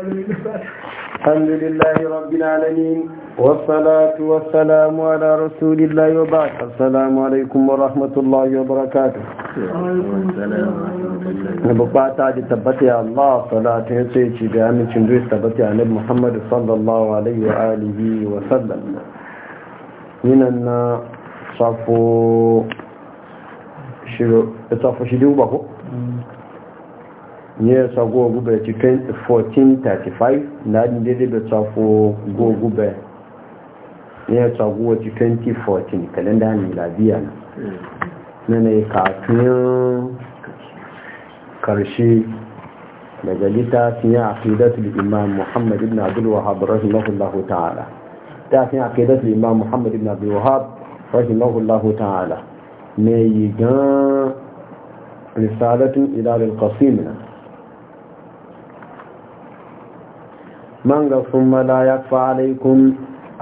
الحمد لله رب العالمين والصلاة والسلام على رسول الله وبعد السلام عليكم ورحمة الله وبركاته وبعد تعالى تبت يا الله صلاة يسيتي بأمن شندوس تبت يا نبي محمد صلى الله عليه وآله وسلم من أن صفو شلو صفو شلو بقو ya sago gube ci 1435 na daidai da tsafo go gube ya sago ci 2014 kalenda labiya na ne kafin karshe daga littafin ya aqidatul imam muhammad ibn abdul wahab rahimahullahu ta'ala littafin aqidatul imam muhammad ibn abdul wahab rahimahullahu ta'ala ne yi gan risalatun ilalil qasim na من ثم لا يخفى عليكم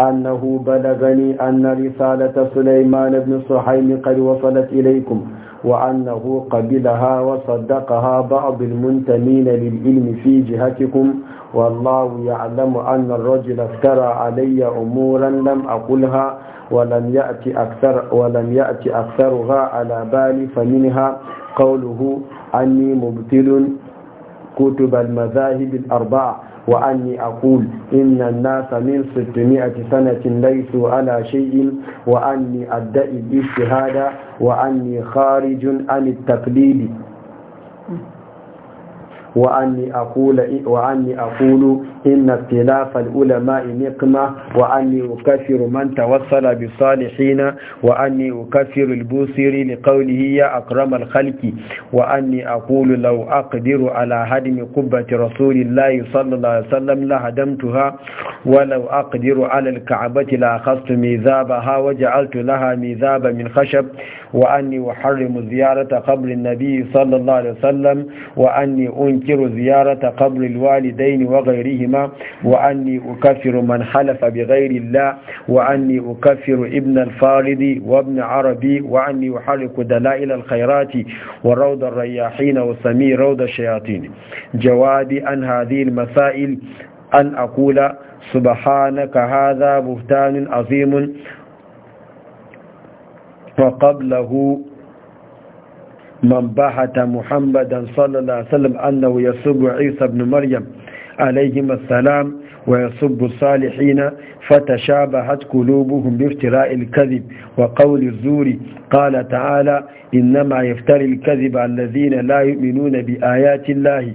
أنه بلغني أن رسالة سليمان بن صحيم قد وصلت إليكم وأنه قبلها وصدقها بعض المنتمين للعلم في جهتكم والله يعلم أن الرجل افترى علي أمورا لم أقلها ولم يأتي أكثر ولم يأتي أكثرها على بالي فمنها قوله أني مبتل كتب المذاهب الأربعة وأني أقول إن الناس من 600 سنة ليسوا على شيء وأني أدعي الاجتهاد وأني خارج عن التقليد وأني أقول وأني أقول إن اختلاف العلماء نقمة وأني أكفر من توصل بالصالحين وأني أكفر البوصيري لقوله يا أكرم الخلق وأني أقول لو أقدر على هدم قبة رسول الله صلى الله عليه وسلم لهدمتها ولو أقدر على الكعبة لأخذت ميذابها وجعلت لها ميذابا من خشب وأني أحرم زيارة قبر النبي صلى الله عليه وسلم وأني أنكر أنكر زيارة قبر الوالدين وغيرهما وأني أكفر من حلف بغير الله وأني أكفر ابن الفارض وابن عربي وأني أحرق دلائل الخيرات وروض الرياحين وسمي روض الشياطين جوابي أن هذه المسائل أن أقول سبحانك هذا بهتان عظيم وقبله من بحث محمدا صلى الله عليه وسلم أنه يسب عيسى بن مريم عليهما السلام ويسب الصالحين فتشابهت قلوبهم بافتراء الكذب وقول الزور قال تعالى إنما يفتري الكذب الذين لا يؤمنون بآيات الله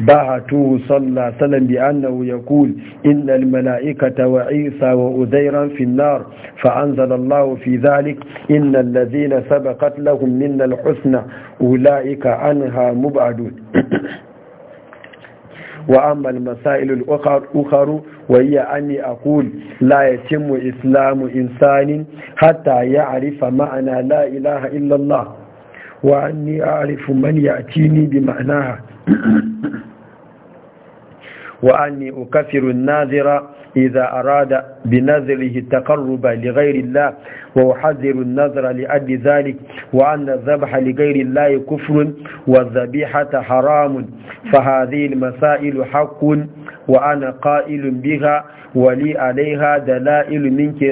بعته صلى الله عليه وسلم بأنه يقول إن الملائكة وعيسى وأذيرا في النار فأنزل الله في ذلك إن الذين سبقت لهم من الحسنى أولئك عنها مبعدون وأما المسائل الأخر وهي أني أقول لا يتم إسلام إنسان حتى يعرف معنى لا إله إلا الله وأني أعرف من يأتيني بمعناها وأني أكفر الناذر إذا أراد بنذره التقرب لغير الله وأحذر النذر لأجل ذلك وأن الذبح لغير الله كفر والذبيحة حرام فهذه المسائل حق وأنا قائل بها wali alaiha da la'ilu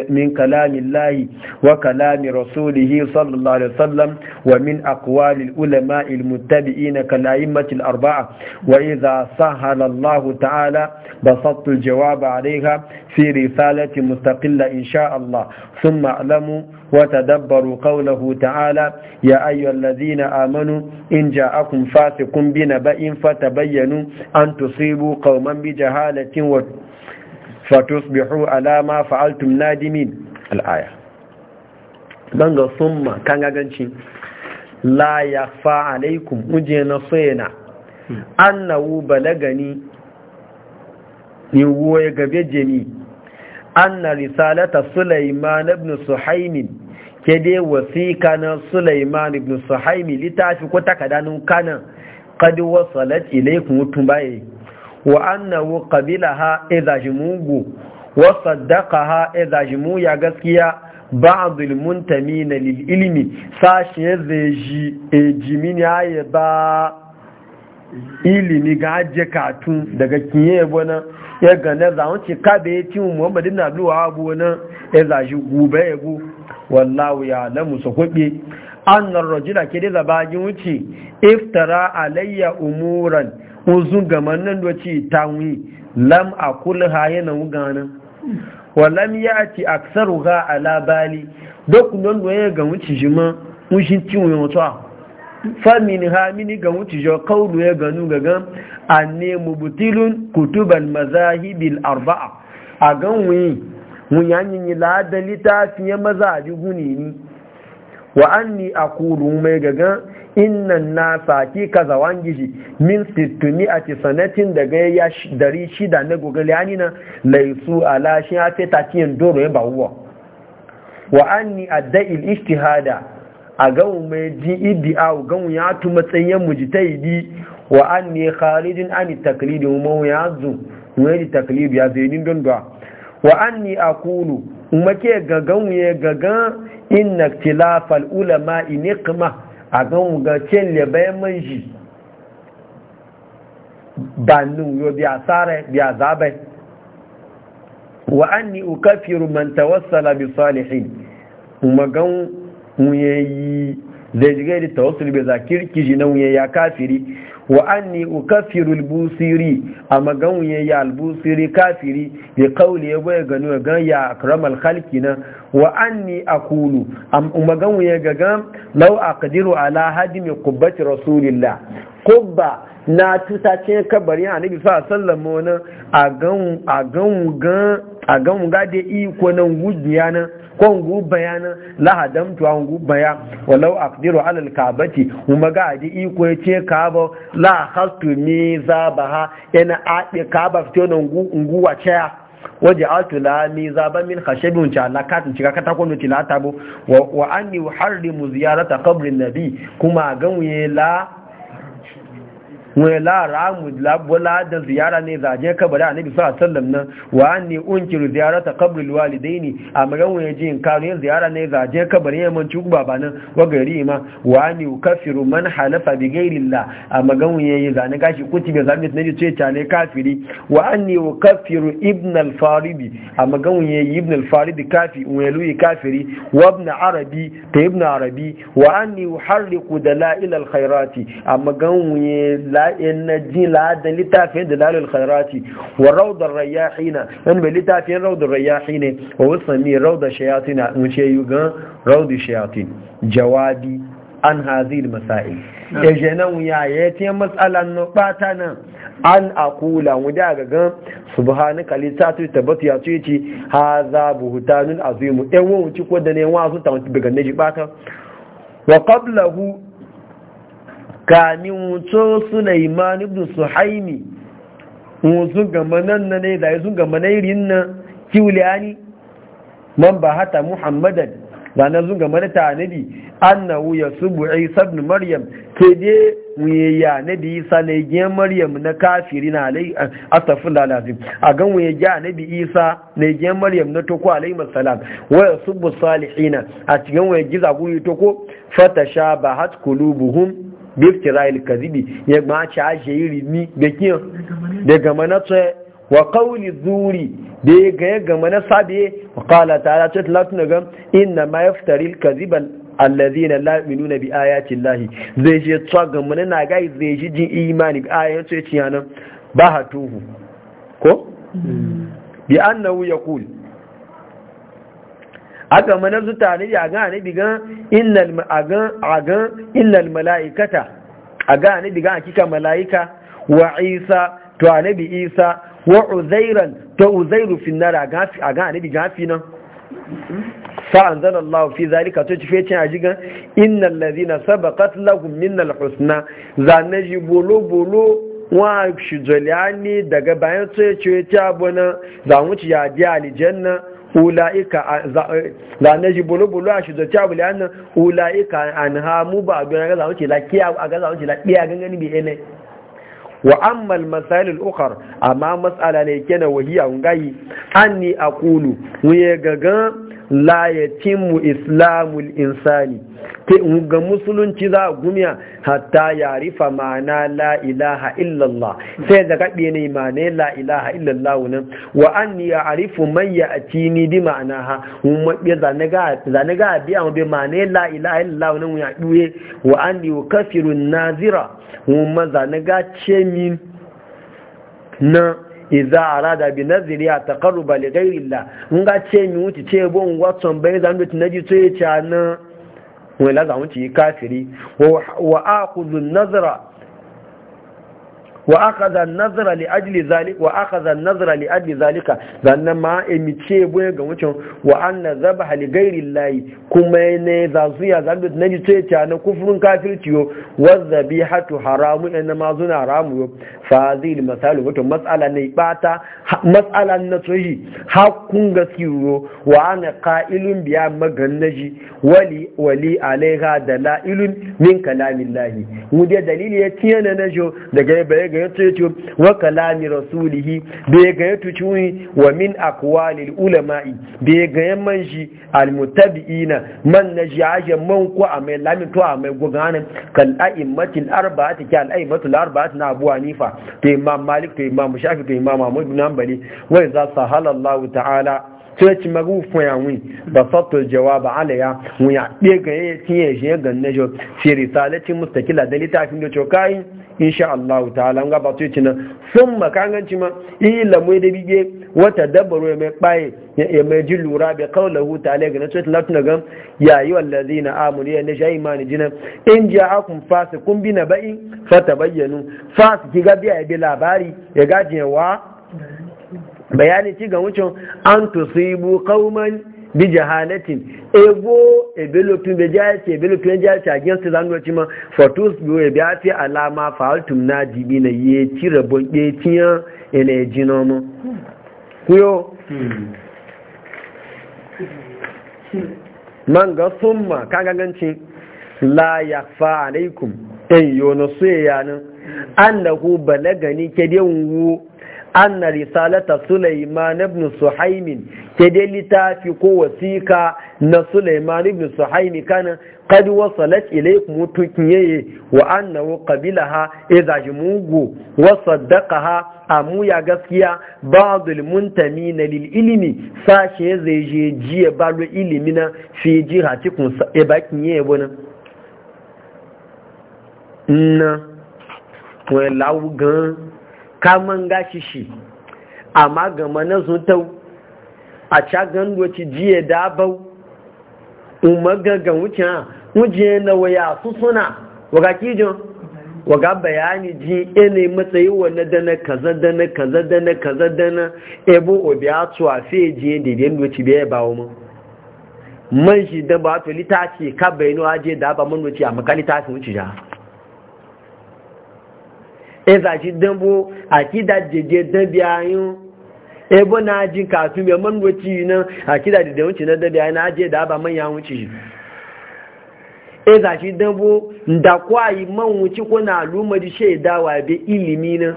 min kalamin lahi wa kalamin rasulihi sallallahu alaihi wasallam wa min akwalil ulama ilmuttabi'i na kalayimatil arba'a wa iza sahala ta'ala basattu jawaba alaiha fi risalati mustaqilla insha Allah ثم اعلموا وتدبروا قوله تعالى يا أيها الذين آمنوا إن جاءكم فاسق بنبأ فتبينوا أن تصيبوا قوما بجهالة fatusbihu ala ma fa'altum nadimin al'aya ga summa kan gaganci la fa alaikum uje na sayna annahu balagani ni woye gabe jeni anna risalata sulaiman ibn suhaimin ke dai wasika na sulaiman ibn suhaimi litafi ko takadanin kanan qad wasalat ilaykum tumbaye wa annahu qabilaha idza jimugu wa saddaqaha idza jumu ya gaskiya ba'dul muntamina lil ilmi sashi zeji ejimini aye ba ilimi ga je katun daga kiye bona ya gane za won ci kabe ti Muhammad ibn Abdul Wahhab ya gube yego wallahu lamu sokobe An rajula ke da wuce iftara alayya umuran uzun gaman nan doci tawi lam akul ha yana wugana wa lam yati aksaru ga ala bali dok non ya ga wuce jima mushin tiwo yoto fa min ha min ga wuce jo kaulu ya ganu gaga anne mubtilun kutuban mazahibil arba'a a ganwi mun yanyin la da litafiyan mazaji guni ni wa anni aqulu mai gaga innan nasa ki kaza wangiji min sittumi a sanatin daga ya dari shida na gogali ani na laisu ala shi ya feta tiyan doro ya bawuwa wa anni adda'il ijtihada a gawun mai ji iddia gawun ya tu matsayin mujtahidi wa anni kharijin an taklidi mu ya zu mu ya taklidi ya dondo. wa anni aqulu make gagan ya gagan inna tilafal ulama inikma a gan ga cin labai man shi ba nun yo biya tsara biya zabai wa anni ukafiru man tawassala bi salihin magan mu yayi zai jiga da tawassul bi zakir kiji nan ya kafiri wa anni ukaffiru busiri amma ganwaye ya al-busiri kafiri bi qawli ya boye ganu ga ya akramal khalqina wa anni aqulu amma ganwaye ga gam law aqdiru ala mai qubbati rasulillah qubba na tutace kabarin annabi sallallahu alaihi wasallam a gan a gan a gan ga da iko nan gudiya nan ko ngu bayanan lahadan tuwa ngu baya walau aqdiru ala kabati kuma ga adi iko yace kaba la khaltu mi ha? yana abi kaba fito na gu ngu wace waje atula mi ba min hashabi cha la katin cika kata ko no tilata bo wa anni uharrimu ziyarata kabrin nabi kuma ganwe la wani laramu labola da ziyara ne zaje kabari annabi sallallahu alaihi nan wa anni unkiru ziyarata wani je in karo yin ziyara ne zaje kabari ya manci baba nan wa gari ma wa anni ukaffiru man halafa bi ghairillah amran wani yayi zani gashi kuti be zani ne ce ta ne kafiri wa anni ukaffiru ibn al-farid wani yayi ibn al-farid kafi wani kafiri wa ibn arabi ta ibn arabi wa anni uharriqu al-khairati wani na ji ladan littafin dalalul khairati wa raudar rayyahina yan bai littafin raudar rayyahine wa wasami raudar shayatina in ce yi gan raudar shayatin jawabi an hazil masail ya je nan ya ya ce na bata nan an akula mu da ga gan subhanaka lisatu tabatu ya ce ce haza buhutanun azimu ɗan wawuci ko da ne wasu ta wata daga naji bata wa qablahu kani wuto Sulaiman ibn Suhaimi wucin gama nan na ne da yasun gama na irin na kiwuliyani man ba hata Muhammadan da na zunga mana ta nabi annahu yasubu Isa ibn Maryam ke de wuye ya nabi Isa ne gen Maryam na kafirina alai da lalazim a gan wuye ya nabi Isa ne gen Maryam na toko alai masalam wa yasubu salihina a cikin wuye giza guyi toko fatashabahat qulubuhum biftira ilkazibi ya gbace ashe yiri ni da kiyan da gama na tsaye wa kawuli zuri da ya gaya gama na sabiye wa kala ta ala cikin latin gan inna ma yaftari ilkaziban allazina la yu'minuna bi ayati lahi zai je tsawa gama na gai zai ji jin imani bi ayatin sai ciyanan ba ko bi annahu yaqul haka manar su tare da ga ne bigan innal agan agan innal malaikata aga ne bigan akika malaika wa isa to anabi isa wa uzairan to uzairu fi nar aga aga ne bigan fi nan fa anzalallahu fi zalika to ci a jigan innal ladina sabaqat lahum minnal husna zanaji bolo bolo wa shi daga bayan tsoye ce ta abuna ci ya ji alijanna ula'ika za e, na ji bulubulu a shizo ta bula yannan ula'ika an ha mu ba a ga gaza wuce laƙiya a gaza wuce laƙiya gangani bi ene wa amma masalil ukhar amma mas'ala ne kenan wahiya a anni aqulu wa gagan la yatimmu islamul insani ke ga musulunci za a gumiya hatta ya rifa ma'ana la ilaha illallah sai da gaɗe ne ma'ana la ilaha illallah wunan wa an ya arifu man ya a ni di ma'ana ha zane ga biya wabe bi ma'ana la ilaha illallah wunan wuya ɗuye wa an yi kafirun nazira mu ma zane ga ce min na iza arada bi naziri a takaru li ghairi la nga ce mi wuce ce bon watson bai zan duti na jito ya ci a nan wani zan wuce kafiri wa aqulu nazara wa aka zan nazara li ajli zalika wa zan nazara li ajli zalika zannan ma emice boye ga wucin wa anna zabaha li ghairi llahi kuma ne zazuya su zambi na ji ce ta na kufrun kafirciyo yo wa zabihatu haramu in ma zuna haramu fa zil masalu wato mas'ala ne bata matsala na tsoyi hakun gaskiyo wa ana qailun biya maganaji wali wali alaiha dalailun min kalamillahi mu dai dalili ya tiyana na jo daga bare ga yato yato wa kalami rasulihi be ga yato ciwi wa min akwalil ulama'i be ga yan man shi almutabi'ina man na shi ajiyar man ko a mai lamin to a mai gugana kal a'immatil arba'ati kal a'immatul arba'ati na abu hanifa to imam malik to imam shafi to imam ahmad bin hanbali wa za sahala allah ta'ala ya ci magu fuyawin ba sato jawa ba alaya wuya ɗe ga yayin tiye shi ya ganna shi fi risalacin mustakila da littafin da cokayi insha Allah ta'ala nga ba to cina sun makanganci ma mai da bige wata dabbaro ya mai baye ya mai ji lura bi qawluhu ta'ala ga nasu latu na gam ya ayu allazina amanu ya nisha imani jinan in ja'akum fasiqun bi naba'in fatabayyanu fasiki ga biya bi labari ya gajiyawa bayani ci ga wucin an tusibu qauman bi jahalatin ego ebelopin be jahilci ebelopin jahilci a gensu zanuwarci ma fortus biyu ya biya fi alama fa'altum na dibi na ye ci rabon ye tiyan yana ya ji nomo kuyo man ga summa kagaganci la ya fa alaikum ɗan yono su yanin an balagani ke anna risalata Sulaiman ibn Suhaimin ke dai littafi ko wasika na Sulaiman ibn Suhaimi kana qad wasalat ilaykum mutukiye wa annahu qabilaha idza jumugu wa saddaqaha amu ya gaskiya ba'dul muntamin lil ilmi sashe zai je jiya balo ilimi na fi jihatikum e bakin ye bona na kaman gashi shi amma gama na zutau a cagan doci jiye dabau umagagan wucin wujiye na waya su suna waga kijin waga bayani ji yanayi matsayi wane dana kaza dana kaza dana kaza dana ebo obi a tuwa fiye jiye da idan doci biyar bawo mu man shi da ba to litaci ka bayanu aje da ba man wuci a makalita su wuce ja eza shi dambo a kida jeje ebo na ji kasu mai man wuce nan a kida da wuce na dabi aje da ba manya wuce shi eza shi dambo da kwayi man wuce ko na alumari shaidawa be ilimi nan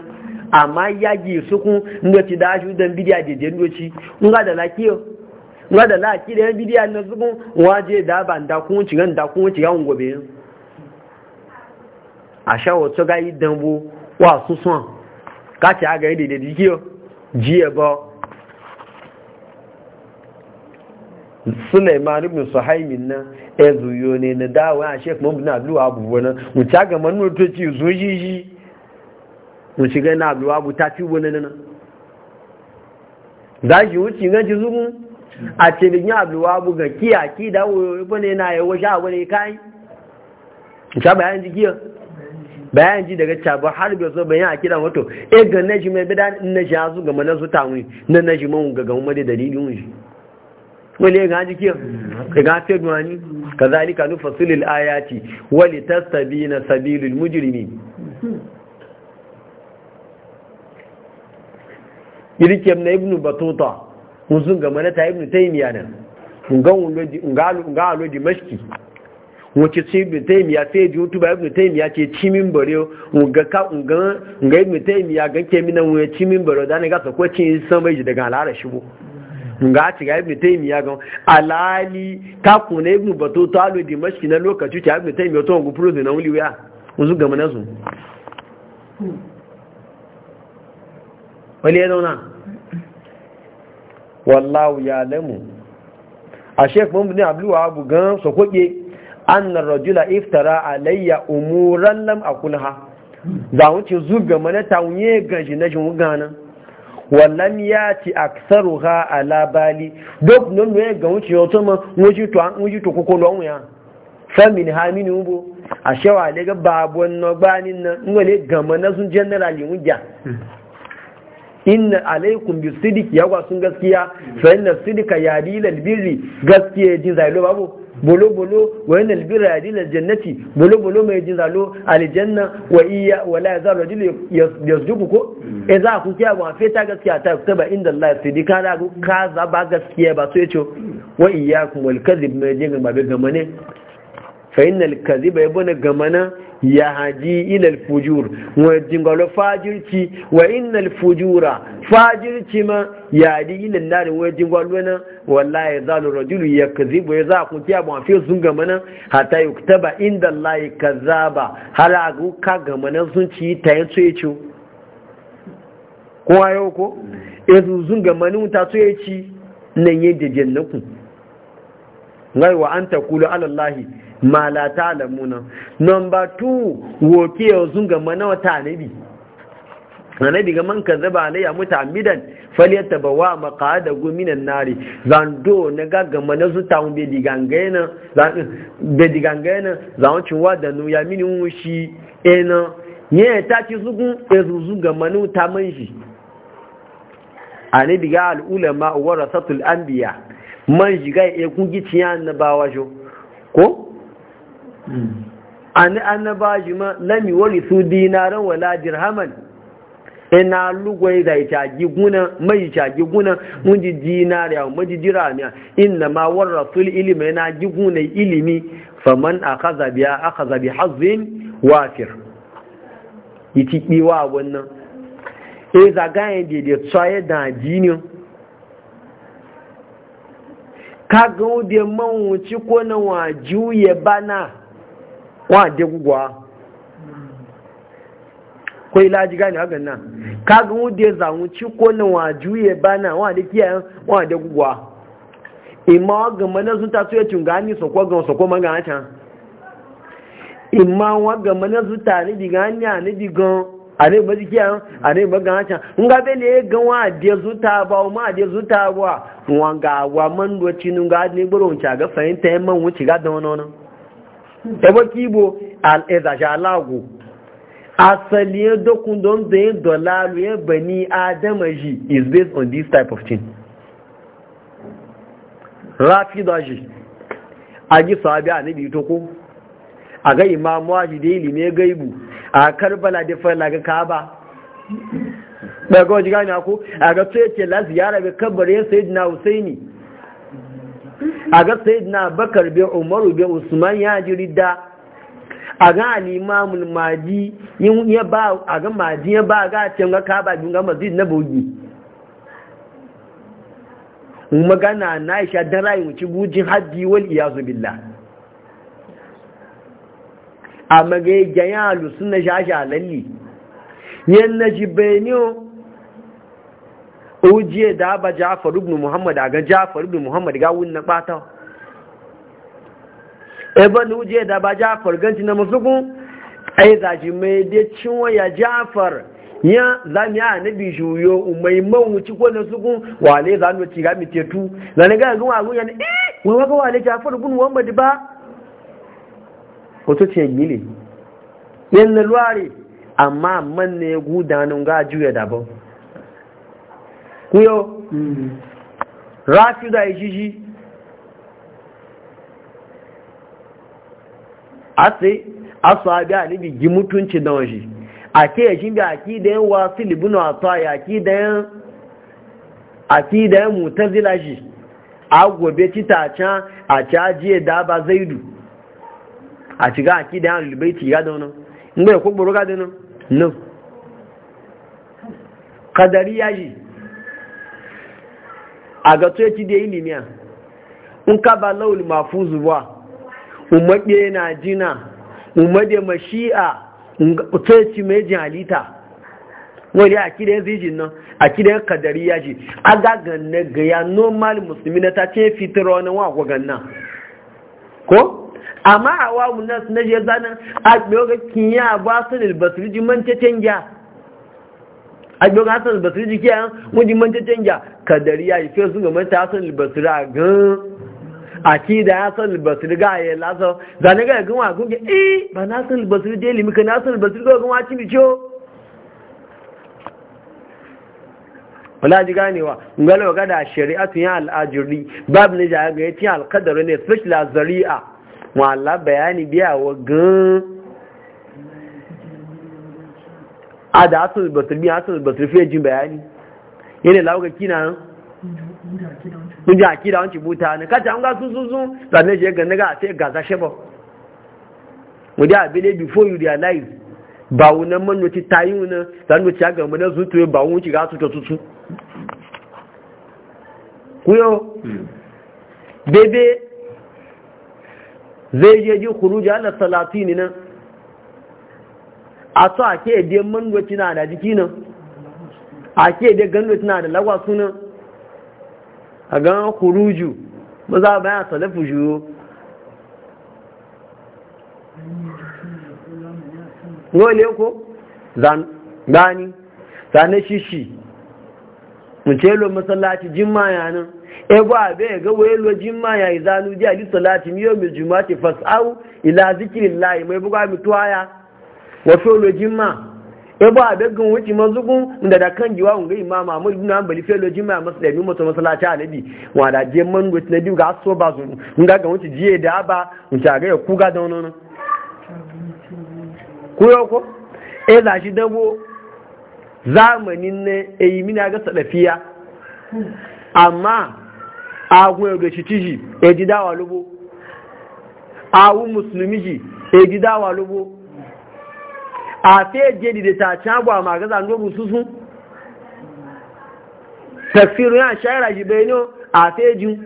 amma yagi sukun ndoci da shi dan bidiya jeje ndoci nga da lakiyo nga da laki da bidiya na sukun waje da ban da kun ci gan da kun ci gan a sha wato ga wà súnsún káàkì àgà ìdèdè dìkí o jí ẹbọ e suleiman ibn suhaimin nan ẹzù yóò ne na dáwọ a sheik mọ́bùn abu abubuwa nan wùcí àgà mọ́ nínú tó ci zuwa yíyí wùcí gẹ́ na àdúwà abu ta ci wani nan za shi wuci gan ci zugun a ce bin abu ga kiyaki da dáwọ yóò na yawon sha wani kayan bayan jikiyar bayan ji daga cabar har bai so bayan a kira wato e eh, ga naji mai bida na hasu ga manasu su tawi na naji mun ga gamu da dalilin shi Wani ga ji kiyar ka ga fe duwani nufa sulil ayati wali na sabilul mujirimi irkem na ibnu batuta musun ga manata ibnu taymiya nan ga alo ngan lo dimashki wace ce ibn taymiya sai ji wutu ba ibn taymiya ce cimin bare ga ka ga ga ibn taymiya ga ke mina wa cimin bare da ne ga sako cin san bai daga alara shi bo ga ci ga ibn taymiya ga alali ta kuna ibn batuta di dimashki na lokaci ta ibn taymiya to ngu prison na wuliya uzu ga mana su wali ya wallahu ya lamu a shek mun bin abdul wahab gan sokoke annar rajula iftara alayya umuran lam akunha za mu ci zuga mana ta gaji na jin gana wallan ya ci aksaru ha ala bali duk nan ne ga wuce yoto ma wuji to an wuji to koko don ya famin ha mini ubo a shewa le ga babu no gbanin nan ngole gama na sun general yin ja inna alaikum bi yawa sun gaskiya fa inna sidika yadilal birri gaskiya din lo babu bolo-bolo wa yana albira ya dinar jannati bolo-bolo mai jin zalo aljanna wa iya wa la za rajulu ya ko e mm. za ku kiya ba a ta gaskiya ta ta ba inda Allah sai dika da ka za ba gaskiya ba so yace wa iyyakum wal kadhib mai jin bai ga mane fa'in alkazi bai mana gamana ya haji fujura. alfujur wani jingalo fajirci wa ina alfujura fajirci ma ya haji ila larin wani jingalo na wallahi ya zalo rajulu ya kazi bai za a kunci abu a fiye sun gamana hata yi kuta ba inda Allah ya kaza ba halaguka gamana sun ci ta yin ya ci kuma ko ya zu sun gamanin ta su ya ci nan yadda jannakun ngai wa an ta kula alallahi malata lamuna. number 2 woke yanzu ga mana wata anabi anabi ga man kazzaba alayya mutamidan falyatabawa maqada guminan nari zando na gaga mana su ta mu be digangena be digangena zan cinwa da nu ya mini wushi ena ye ta ci zugun ezuzu ga manu ta manji anabi ga al ulama warasatul anbiya Manji ga e kungi giciya na bawajo ko ani ba ji ma lami wari su dinaran wala dirhaman ina lugwai da ita giguna mai ita giguna mun ji dinari a mun ji inna ma warrasul ilimi yana giguna ilimi faman akaza biya akaza bi hazin wafir yiti biwa wannan e zagayen da da tsaye da jini ka ga man ko na wa juye bana wa de gugwa ko ilaji gani hagan nan kaga wude zanwu ko na wa juye bana wa de kiya wa de a imma ga mana sun ta tuye tungani ga so ko manga ta imma wa ga mana su ta ni diga ni digan ani ba dikiya ta nga be le ga wa de zuta ba ma de zuta wa ga wa ga ni buron ebe kibo al'izaja alago asali ya e dokun don da ya e dolaru ya e bani adamaji is based on this type of thing rafi daji a ji sahabi a nabi ta ko a ga imamu waji da ilimi gaibu a karbala da fara ga kaba daga wajen gani ako a ga tsoye ce la ziyara ga kabarin sayyidina husaini a ga sayyidina bakar bai umaru bai usman ya ji ridda a ga alimamul maji ya ba a ga maji ya ba ga can ga kaba bin ga masjid na bogi magana na isha dan rayu ci gujin haddi wal iyazu billah amma ga ya suna shasha lalli yan najibainiyo ojiye da ba jafar ibn muhammad ga jafar ibn muhammad ga wun na bata ebon ojiye da ba jafar ganci na masu ai zaji mai dai cinwa ya jafar ya zami a nabi juyo mai mawuci ko na sukun wale za mu ci gami mi tetu zane ga ga wa gunya eh wa ga wale jafar ibn muhammad ba wato ce gile yan na amma man ne gudanin ga juya daban kuyo hmm. rafida ijiji ase asabi alibi gi mutunci da waje ake yashin bi akidayen wasu libuna wata ya akidayen akidayen mutazila shi a gobe can a cajiye da ba zaidu a shiga akidayen alibaiti ya da wani ngbe ya kwagboro ga da no kadari ya a ga ci da ilimiya in ka ba laul mafuzu ba umarɗe na jina umarɗe mashi'a ci mai jin halitta wani a kidan zijin nan a kidan kadari ya ji a gagan na gaya normal musulmi na ta ce fitar wani wa ganna ko amma a wa munas na je zanen a ɗoga kinya ba su da basiri canja a ga hasan albasri jiki yan wajen manta canja ya yi fesu ga manta hasan albasri a gan a ci da hasan albasri ga yi lasa zane ga yagin wa goge eh ba na hasan albasri je limi ka na hasan albasri ga gan wa ci bicho wala ji ganewa ngalo ga da tun ya al'ajiri babu ne jaya ga ya ci alqadar ne special zari'a wala bayani biya wa gan a da hasan basir biya hasan basir fiye jin bayani yana lauga kina mun ji akida wancin buta ne kacha an ga sun sun sun zane shi ga naga sai gaza sheba mu da abele before you realize ba wunan manoci tayi wunan zanu ci ga mun na tuwe ba wun ci ga su ta tutu kuyo hmm. bebe zai je ji khuruji ala salatin nan a to a ke da mangoci na da jiki nan a ke da gandoci na da lagwa nan a gan kuruju ba za a bayan salafu juyo wani ko gani zane shishi mace lo masallaci jimma yanin ebo abe ga welo jimma ya izanu ji ali salati miyo mi jumati fas'au ila zikrillah mai e buga mi tuaya wafi olojin ma ya ba daggan wuce mazugun da da kan giwa unga imama amma ibn hanbali fi olojin ma masu da mutum masallaci annabi wa da je man wuce na ga so ba su ga ga wuce jiye da ba wuce ga ya kuga da wani ku ko e za shi dabo zamanin ne eyi mina ga sadafiya amma shi tiji e ji dawa lobo musulmi ji e ji dawa lobo a fe je da ta cagwa ma ga zango rususun tafsirun ya shaira ji bai a fe ji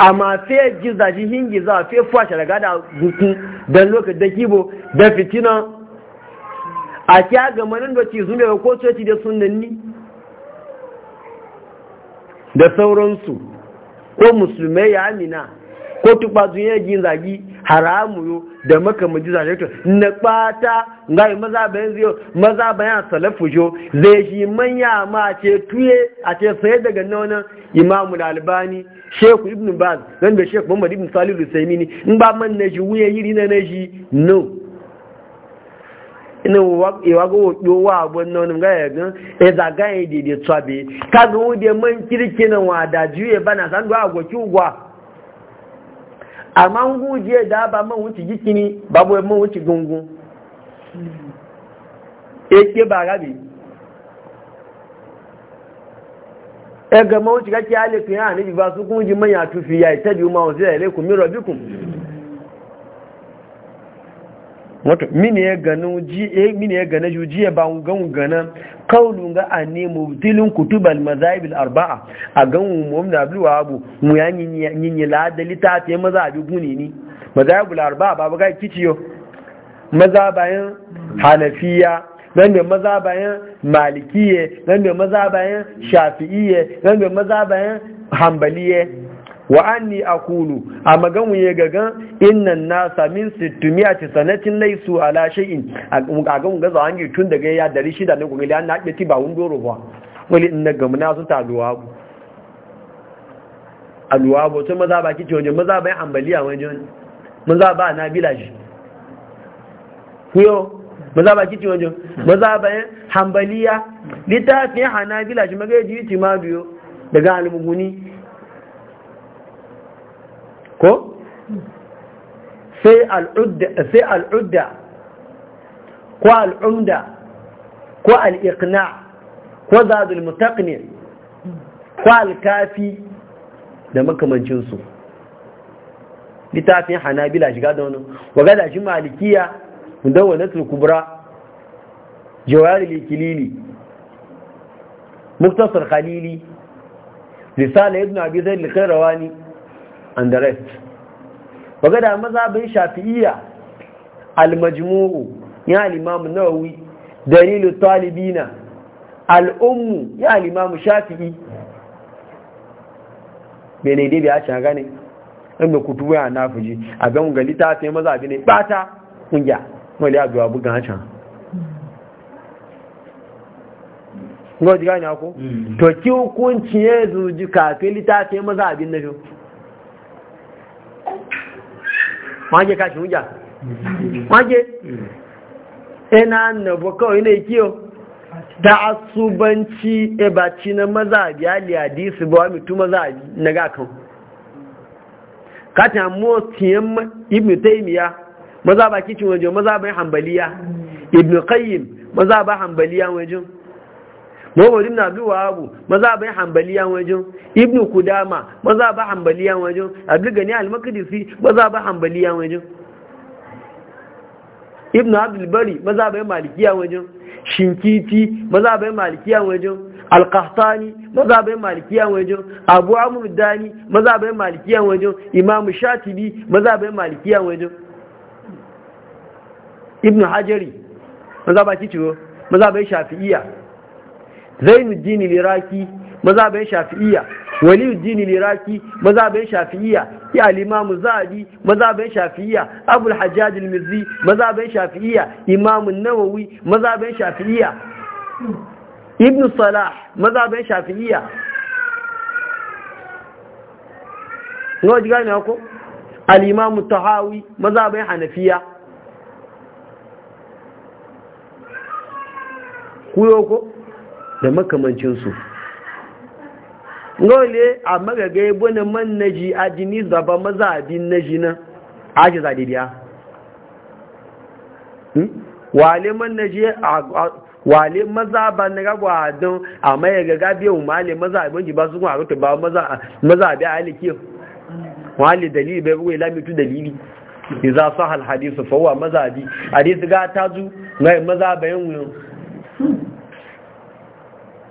amma fe ji zaji hingi za a fe fuwa sharaga da gutu don lokacin da kibo da fitina a kya ga manin da ci zume ko coci da sunanni da sauransu ko musulmai ya amina ko tuba zuyen zagi haramu yo da maka mujiza to na bata ngai maza bayan ziyo maza bayan salafu jo zai shi manya ma ce tuye a ce sai daga nan imamu albani shehu ibnu baz dan da shehu muhammad ibnu salih al-usaimini in ba man na ji wuya yiri na na ji no ina wa wa go wodo wa abun nan ga ya ga e za ga yi e de de tsabe ka go de man kirki na da juye bana san go goki ugwa amma guje da ba man wuce jikini babu man wuce gungun eke ba rabi ẹgbẹ̀mọ́ wuce kake alifin a hannu ba su kun ji manya tufi ya itabi ma wasu ya ilaikum min rabbikum wato mini ya ganin ji eh, mini ya gane ju ji ba gan ganan kaulu ga anni mubtilun kutubal mazahib arba'a a gan mu mun abdu abu mu ya yin yi la da litati mazhabi guni ni mazahib arba'a ba ga kiciyo mazabayan hanafiya dan da mazabayan malikiye dan da mazabayan shafi'iye dan da mazabayan hanbaliye wa anni akulu a maganu ya gagan innan nasa min 600 sanatin laisu ala shay'in a ga ga zawan yi tun daga ya dari shida ne kuma na ɗe ti ba wun doro ba wani inna ga muna su taluwa aluwa bo to maza ba kici wajen maza ba ambaliya wajen maza ba na bila shi kuyo maza ba kici wajen maza ba hambaliya littafin hana shi magaji timadiyo daga almuguni ko sai al'udda ko al'umda ko al'iqna ko zadul mutaqni ko al-kafi da makamancinsu littafin hanabila shiga da wani wagada shi malikiya da wadatul kubra jawari likilili muktasar khalili risala ibn abi zaid al-khairawani and the rest baga da mazhabin shafi'iyya al-majmu'u ya al-imam nawawi dalilu talibina al-ummu ya al-imam shafi'i bene dai a ci gane in da kutu ya nafiji a ga mun gali ta sai mazhabi ne bata kungiya mai ya zuwa bugan can ngo diga ne ko mm. to ki hukunci ya zuji kafin ta sai mazhabin na shi wọ́n jẹ́ káṣí ń jà wọ́n jẹ́ ẹna nàbọ̀ kawai na ikiyo da asubanci ebaci na mazabi aliyadi su ba mutu Maza na gakan katin motiyan ibn Maza mazaba kicin wajen mazaba hambaliya ibn qayyim mazaba hambaliya wajen Muhammad ibn Abdul bai hambali Hanbaliya wajen Ibn Kudama hambali Hanbaliya wajen Abdul Gani al-Maqdisi hambali Hanbaliya wajen Ibn Abdul Bari maliki Malikiya wajen Shinkiti maliki Malikiya wajen Al-Qahtani maliki Malikiya wajen Abu Amr Dani maliki Malikiya wajen Imam Shatibi maliki Malikiya wajen Ibn Hajari mazhaban maza bai Shafi'iyya zainuddin al-iraki mazhabin shafi'iyya waliyuddin al-iraki mazhabin shafi'iyya ya alimamu zadi zahabi mazhabin shafi'iyya abul hajjaj al-mizzi mazhabin shafi'iyya imam an-nawawi mazhabin shafi'iyya ibn salah mazhabin shafi'iyya no diga ne ko al tahawi mazhabin hanafiya kuyo ko da makamancinsu ngole a magaga ya bane man naji a jini zaba maza abin naji nan a ji zaɗi biya hmm? wale man naji wale maza ba na gagwa don a maye gaga biya wa male maza abin ji ba su kuma a rute ba maza abin alikiyo wale dalili bai bugu ilamitu dalili iza sahal hadisu fawa maza abi hadisi ga ta zu mai maza bayan wuyan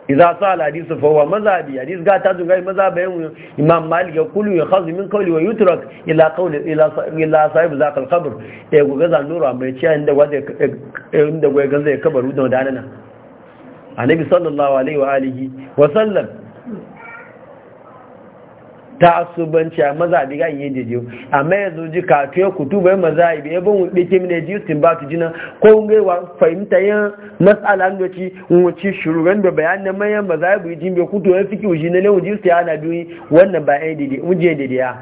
idza sa al hadith fa huwa mazhabi hadith ga ta zungai mazhabayin imam malik ya kulu ya khazi min qawli wa yutrak ila qawli ila ila sahib zaq al qabr e go ga nuru amma ci inda waje inda goga zai kabaru da wadana annabi sallallahu alaihi wa alihi wa sallam asubanci a maza a ga yin jejiyo amma yanzu ji ka to ya kutu bai mazabi ya bin ke mine ji tin ba su jina ko ngai wa fahimta yan in wuce shuru ran da bayanan mayan ya buji bai kutu ya fiki wuji na lewu ji sai na bi wannan ba ya dide mu je dide ya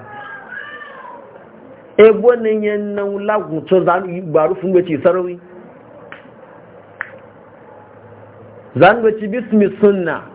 e wannan yan nan lagun to zan baro fun gaci sarawi zan gaci bismi sunna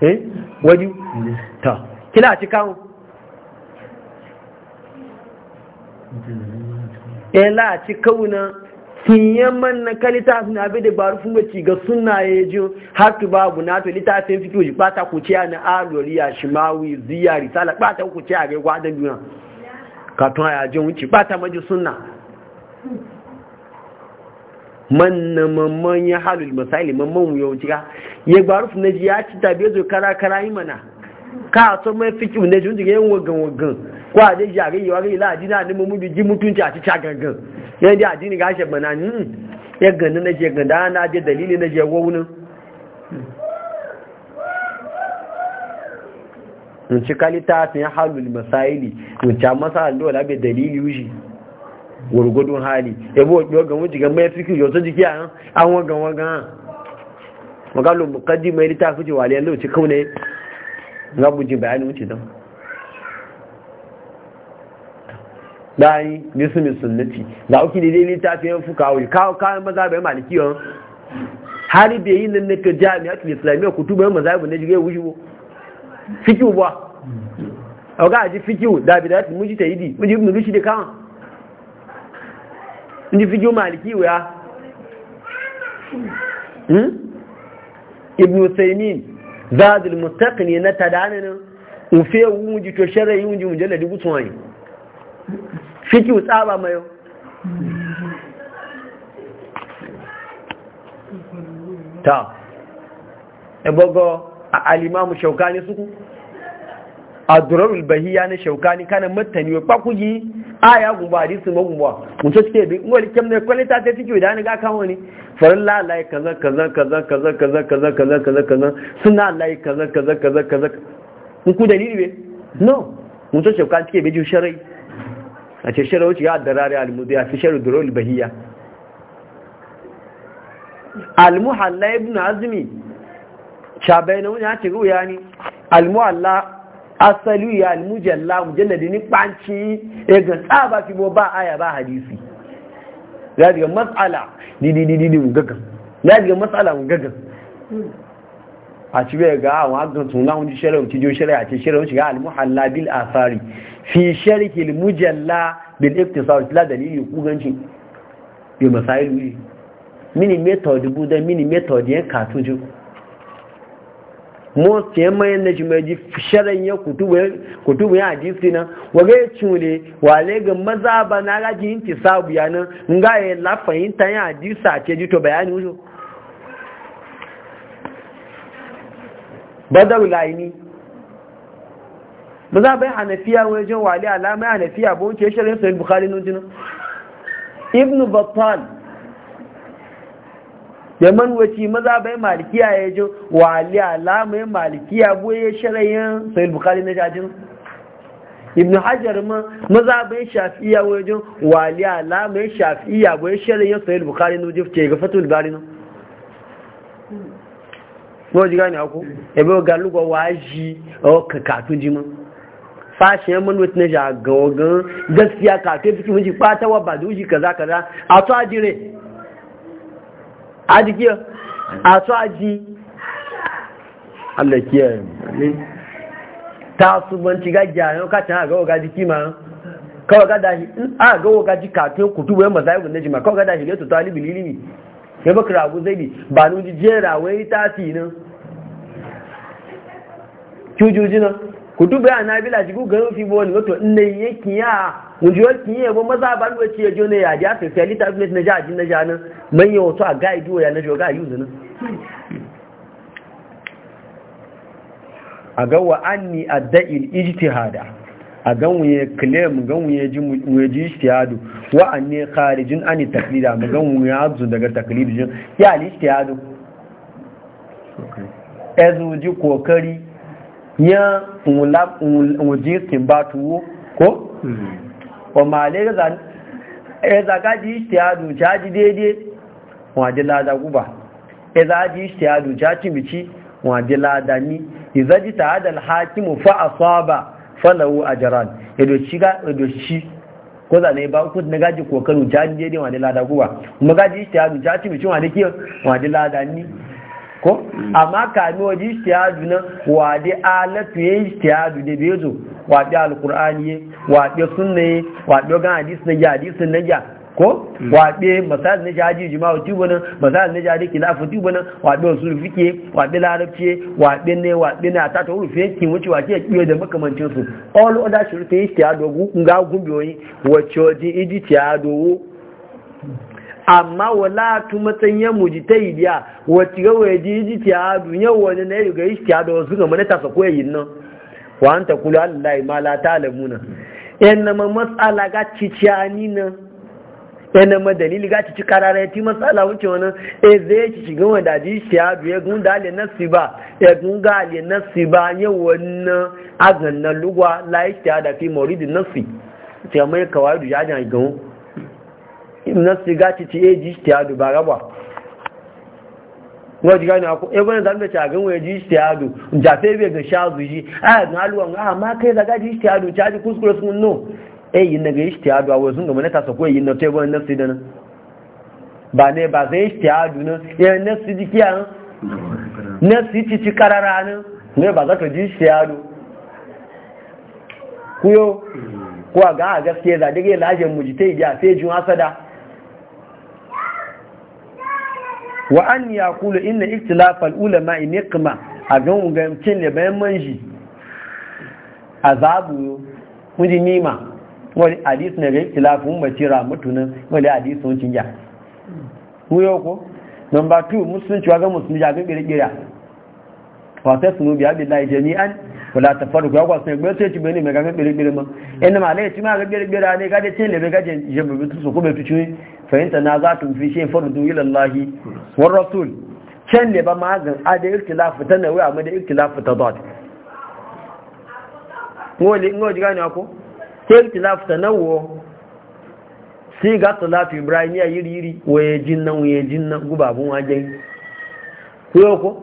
eh ta kina ci kan eh la ci kauna tinyan man na kalita suna abin da ba rufin wacce ga suna ya ji haka babu na to littafin fito ji bata ku ciya na aloriya shimawi ziya risala bata ku a ga gwadon duniya katon ya ji wuce bata maji suna man na mamman ya halul misali mamman mu yau jiga ya gbaruf na ji ya ci tabe zo kara kara yi mana ka so mai fiki ne jun jiga yin wagan wagan ko a dai jari yi wari la adina ne mu bi ji mutunci a cica gangan yan dai adini ga shi bana ni hmm, ya gani na je ganda na je dalili na je wauna in ci kalita ta halul misali mun ci masa allo la be dalili wuji gwargwadon hali yabo wajen ga wuce ga mai fikin yau ta jiki a an wagan wagan makalun bukadi mai rita fice wali yadda wuce kaune ga bujin bayanin wuce don bayan nisu mai sunnati Da uki ne dai littafi yan fuka wuce kawai. maza bai maliki yau? hali bai yi nan naka jami'atul islamiyya kutu bayan maza bai na jigai wuce bo fikiu ba a ji fikiu da bidatu mujita yidi mujibin rushi da kawai ndi fi maliki wuya hmm? ibn usaimin zadul mustaqni na tadanin ufe wuji to sharai wuji mujalla dubu tsoyi fiki tsaba mayo ta ebogo al-imam shaukani suku adurarul bahiya na shaukani kana matani wa kwakuji aya gumba hadisi magumba mutu suke bi ngoli kem ne kwalita ta tiki da ni ga kan wani farin la la kaza kaza kaza kaza kaza kaza kaza kaza kaza suna la kaza kaza kaza kaza Mun ku dalili be no mutu shaukani suke bi sharai a ce sharai wuce ya darari almudiya fi sharu durarul bahiya almuhalla ibn azmi shabai na wani ya ce ruya ni almuhalla asali ya almujalla mujalladi ni banci e ga tsaba ah, fi bo ba aya ba hadisi ya diga mas'ala di di di di gagan ya diga mu gagan a ci bai ga awon ah, agan tun lawon ji shari'a ti jo shari'a ti shari'a shiga almuhalla bil asari fi sharhi almujalla bil iktisar la dalili kuganci bi masailu mini method buda mini method yan katuju most yammayin na shi mai sharan ya kutubu ya hadisi na. waga ya cule wale ga maza ba na gaji yin tisabu ya nan nga ya lafahimta ya hadisa a ce jito bayani wujo badaru laini maza bai hanafiya wani wajen wale alamai hanafiya ba wuce shirin sahih bukhari nun jinan ibn battal da manwaci maza bai malikiya ya ji wali alamai malikiya bu ya shirayen sahih bukhari na jajin ibn hajar ma maza bai shafiya wajen wali alamai shafiya bu ya shirayen sahih bukhari na jifce ga fatul bari na wọ́n jí gani ọkú ẹ̀bẹ̀ e ọ̀gá lúgbọ́ wàá yí ọkà kàtún jí mọ́ fashin mun wata na jagawa gan gaskiya kafin fiki mun ji fata wa ba da uji kaza kaza a to ajire adìkí àtọ́ ají alẹ́kí ẹ̀ ta ṣùgbọ́ntí gájì àyán kàtà àgọ́wọ́ gájì kí ma kọwọ́ gádà àgọ́wọ́ gájì kàtún kùtù wẹ́ mọ̀sáìkù nẹ́jì ma kọwọ́ gádà ilé tòtò alìbì banu àgúzẹ́bì bà ní fi nne ujiyar kinye yabo maza ba ruwa ciye jo ne ya ji aka fiye lita na ja ajin na ja nan yi wato a ga duwa ya na jo ga yi nan a ga wa anni ijiti ijtihada a gan wuye claim gan wuye ji wuye ji ijtihadu wa anni kharijin an taqlida mu gan wuye azu daga taqlidin ya al ijtihadu ezu ji kokari ya mula mujirkin ko hmm. wa male e ya zaga ji ishtihadu ta ji daidai waje lada guba ya e za ji ishtihadu ta ci bici waje lada ni iza e ji ta hadal hakimu fa asaba falawu ajran ido ci ga ido ci ko zane ba ku na gaji kokaru ta ji daidai waje lada guba kuma gaji ishtihadu ta ci bici waje ke waje lada ni ko mm. amma kami waje ishtihadu na waje alatu ya ishtihadu da bezo waɗe alkur'ani waɗe sunne waɗe gan hadis na ya hadis na ya ko mm. waɗe masal na jaji jima'u nan masal na jaji kilafu nan waɗe wasu fike waɗe larabci waɗe ne waɗe ne a tata rufe yankin wuce wace ya kiyo da makamancin su all other shirka yi tiya dogo ga gumbiyoyi wacce waje iji tiya dogo amma wala tu matsayin ya muji ta yi biya wacce ga waje iji tiya dogo yau wani na yi ga yi tiya dogo su ga mana tasa koyayin nan wa an ta kula Allah ma la lamuna yan ma matsala ga ciciyani na yan ma dalili ga cici karara ya ti matsala wuce wani e zai ci shiga wanda ji shi ya biye gun da ale nasiba e gun ga ale ba ne wannan agan na lugwa la ya da fi muridin nasi ta mai kawai du ya jan gawo nasi ga cici e ji shi ya du ba gaba wa ji gani ko ebe zan da cagan waye ji istiadu ja fe be ga shazu ji a na luwan a ma kai da ga ji istiadu ja ji kuskure sun no e, ga yin daga istiadu a wazun ga mun ta sako yin na ta te ban na sidan ba ne ba zai istiadu ne ya na sidikiya na sidi ci karara ne ne ba za ka ji istiadu kuyo ko ga gaskiya da dige lajin mujite ya sai jun asada wa an ya kula inna iktilafal ulama kuma a gan ugancin da bayan manji azabu yo kuji nima wani hadis ne ga iktilafin bacira mutunan wani hadis sun cinja wuyo ko number 2 musulunci wa ga musulunci a gan kirkira wata sunubi abdullahi jami'an wala tafarruqu ya kwasan gbe sai ci bene me ga gbere gbere ma inna ma lai ci ma ga gbere gbere ne ga de tin le be ga je je bu tu su ko be tu ci fa inta na za tu fi shay eh, fardu ila allah war rasul can ne ba ma ga ada ikhtilafu ta nawi ma ta dad ngoli ngoli ga ni ako ke ta ga ibrahim ya yiri yiri gubabun ko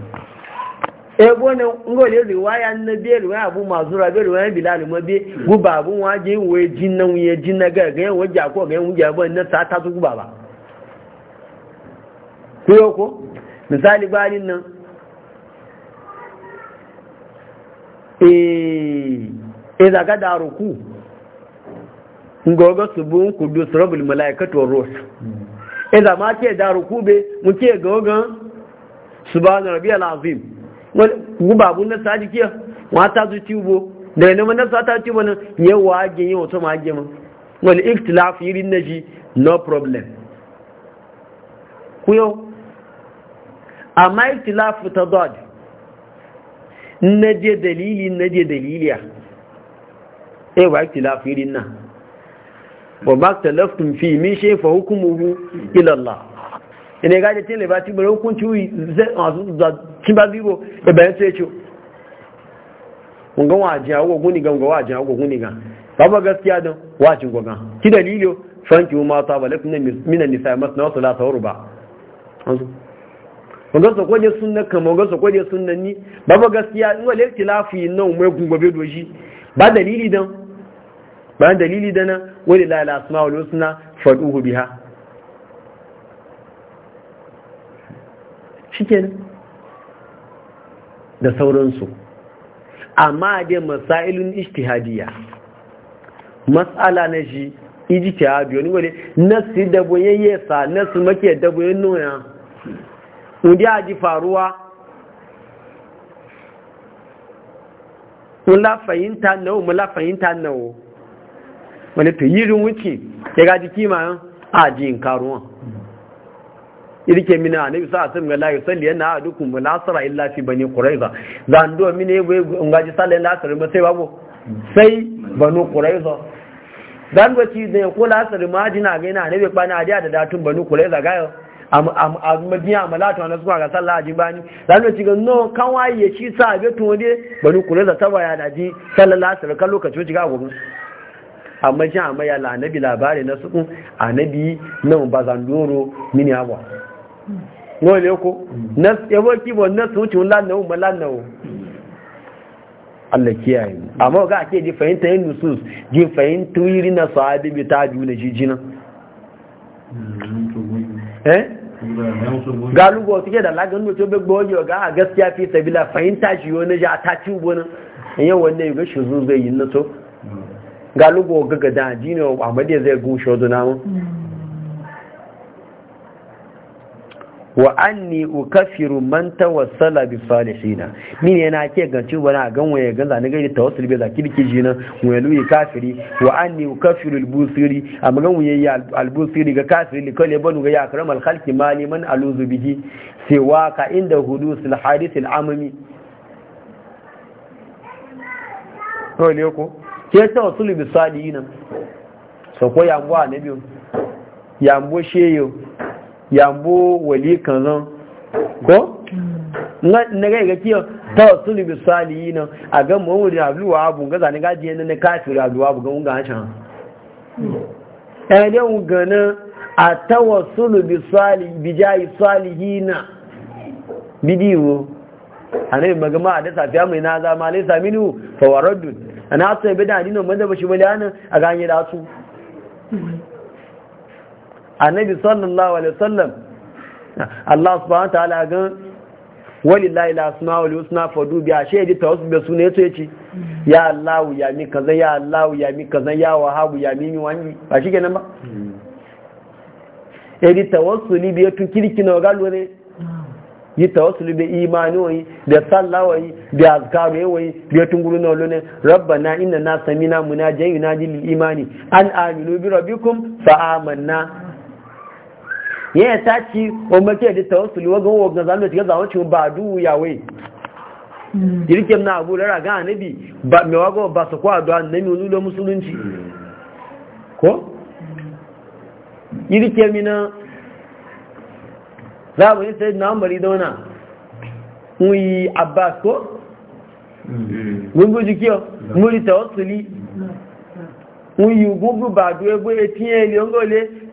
ebo ne ngo le riwaya na be riwaya abu mazura be riwaya bilal mo be guba abu wa je we jin na we jin na ga ga wo ja ko ga wo ja bo na ta ta su guba ba ko ko misali bani nan eh e daga da ruku ngogo subun kudu rabbul malaikatu war ruh e da ma ce da ruku be mu ce gogo subhana rabbiyal azim gubabun na sa mata zu tubo da yana mana sa ta tubo nan yawa agen yi wato ma man wani ikhtilaf yirin na ji no problem kuyo amma ikhtilaf ta dod na je dalili na je daliliya eh wa ikhtilaf yirin na wa ta talaftum fi min shay fa hukmuhu ila ina ga da tin bari hukunci zai kí bá zíro ẹ̀bẹ̀rẹ̀ tí ó ce gungan wajen hawa gunigan ga wajen hawa gunigan babu gaskiya don wajen gwagan ki dalilo fanki mu mata ba laifin minan nisa masu na wasu lasa wuru ba kama ni babu gaskiya in doji ba dalili ba dalili wani wani shi kenan da sauransu amma dai masailun ijtihadiyya mas'ala na shi ijtihadi wani wani nasu da boyen yesa nasu make da boyen noya wanda ya ji faruwa kula fahimta nawo mula fahimta nawo wani to yirin wuce ya gaji kima a ji karuwan irke mina ne bisa sun gala layu salli yana a dukkan nasara illa fi bani quraiza zando mine yabo in gaji sallan lasar ba sai babu sai banu a dan ci zai ko lasar ma jina a yana ne a na da datun banu quraiza ga a madiya malata wanda suka ga sallah a jibani dan wace ga no kan waye ci sa ga tun wani banu ƙuraiza ta baya da ji sallan lasar kan lokaci ji ga gobe amma shi amma ya la annabi labari na suku annabi nan doro mini abuwa wọ́n ne ko? ẹwọ́ kí wọ́n náà tún tún lánàá mọ́ lánàá Allah kiyaye amma ga ake ji fahimta yin nusus ji fahimta yiri na sahabi bi ta biyu jijina eh galugo suke da lagan mutum bai gboge ga a gaskiya fi sabila fahimta shi yau na ja ta ci wani eh, yau wanda yi ga shi zuzai yi na so galugo ga ga daji ne wa amadi zai gushe wadannan wa anni ukaffiru man tawassala bi salihina min yana ke ganci wani a gan waye ganza zani ga tawassul bi zakir kiji nan waye lu kafiri wa anni ukaffiru al-busiri amma gan waye ya al-busiri ga kafiri li kale banu ga ya akramal khalqi mali man aluzu bihi siwa ka inda hudus al-hadith al-amami to ne ko ke tawassul bi salihina so ko yambo anabi yambo sheyo yambo wali kazan ko na ga ga kiyo tawassul bi salihin a ga mu wuri abluwa abu ga zane gaji yana na kafir abluwa abu ga unga can eh dai unga na a tawassul bi salih bi jayi salihin bidiwo anai magama a da safiya mai na zama lai saminu fa waraddu ana sai bidan dinin manzo bashi bali ana a ganye da su annabi sallallahu alaihi wasallam Allah subhanahu ta'ala gan walillahi la asma wal husna fadu bi ashe di tawassul be sunan yato yace ya Allah ya mi kaza ya Allah ya mi kaza ya wahabu ya mi wani ba shi kenan ba edi hmm. tawassuli bi tun kirki na galo ne yi tawassuli bi imani wani da sallah wani da azkaru wani bi tun guru na lone rabbana inna na samina munajiyan na, lil imani an aminu bi rabbikum fa amanna ya yi hmm. saci wanda ke da tawassulu wagan wagan zamu shiga zamu ci ba du yawe yirkin na abu lara ga annabi ba me wago ba su kwa da annabi ululo musulunci ko yirkin hmm. mina za mu yi sayyidina umar idona uyi abbas ko mun hmm. guji kiyo muri tawassuli uyi gugu ba du ebo etin ele ngole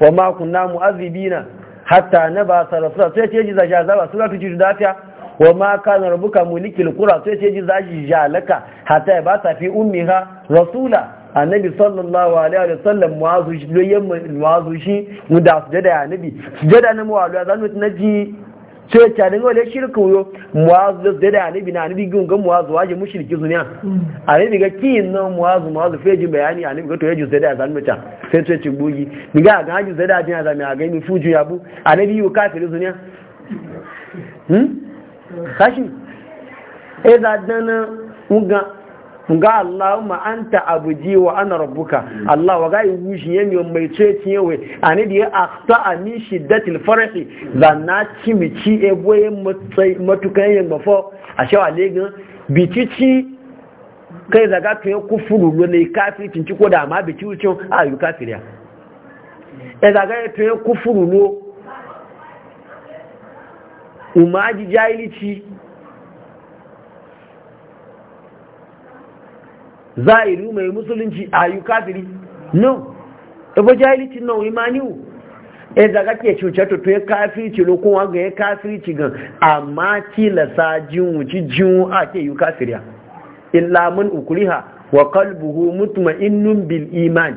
wa ma kunna mu'azzibina hatta na ba sa rasula sai ce ji zashi azaba sura ta jiru dafiya wa ma kana rabbuka mulikil qura sai ce ji zashi jalaka hatta ya ba sa fi ummiha rasula annabi sallallahu alaihi wa sallam mu'azu shi mu'azu shi mu da sujada ya annabi sujada na mu'alu azanu naji sai ta dinga wale shirku yo muwazu da zai da anabi na anabi gunga muwazu waje mushriki zuniya a ne daga kiyin nan muwazu muwazu feji bayani a ne ga to yaji zada ya zan mutan sai sai ci bugi mi ga ga haji da din ya zan ya ga mi fuju ya bu a anabi yo kafiri zuniya hmm kashi e za dana unga nga ta abu ji wa ana rabbuka Allah wa gai wushi yan yon mai ce tiyewe ani e da ya akhta ami shiddatil farahi na ci mi ci e boye matukan yan mafo a shawa legin bitici kai zaga to ya kufuru lo ne kafircin ci ko da ma bici wuce a yi kafiriya e zaga to ya kufuru lo umaji jahilici zahiri mai musulunci a yi kafiri no ɗaba jahilitin nan imaniu e da ke cuce to to ya kafirci lo kuma ga ya kafirci gan amma ki sa jinwu ci jinwu a ke yi kafiriya illa mun ukuriha, wa qalbuhu mutma'innun bil iman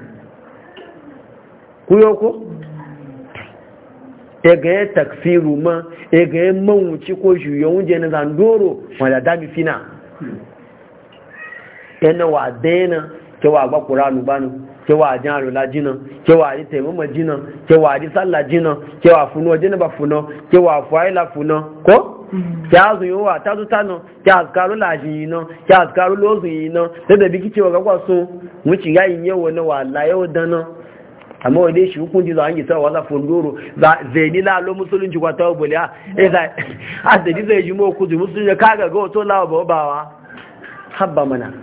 kuyo ko e ga ya takfiru ma e ga ya manwuci ko shuyon je na zandoro wala dami fina yana wa daina cewa ba qur'anu banu cewa jan alula jina cewa ri taimama jina cewa ri sallah jina cewa funo jina ba funo cewa fuaila funo ko mm-hmm. ki azu yo wa tazu tano ki azkaru laji ino ki azkaru lozu ino da da biki cewa gagwa so mu ci ga yin yawo na wala yau dana amma wai shi hukunci za a yi tawa za fundoro za zai ni lalo musulunci kwa tawo buliya eh za a zai ji mo kuzi musulunci kaga ga wato lawa bawa habba mana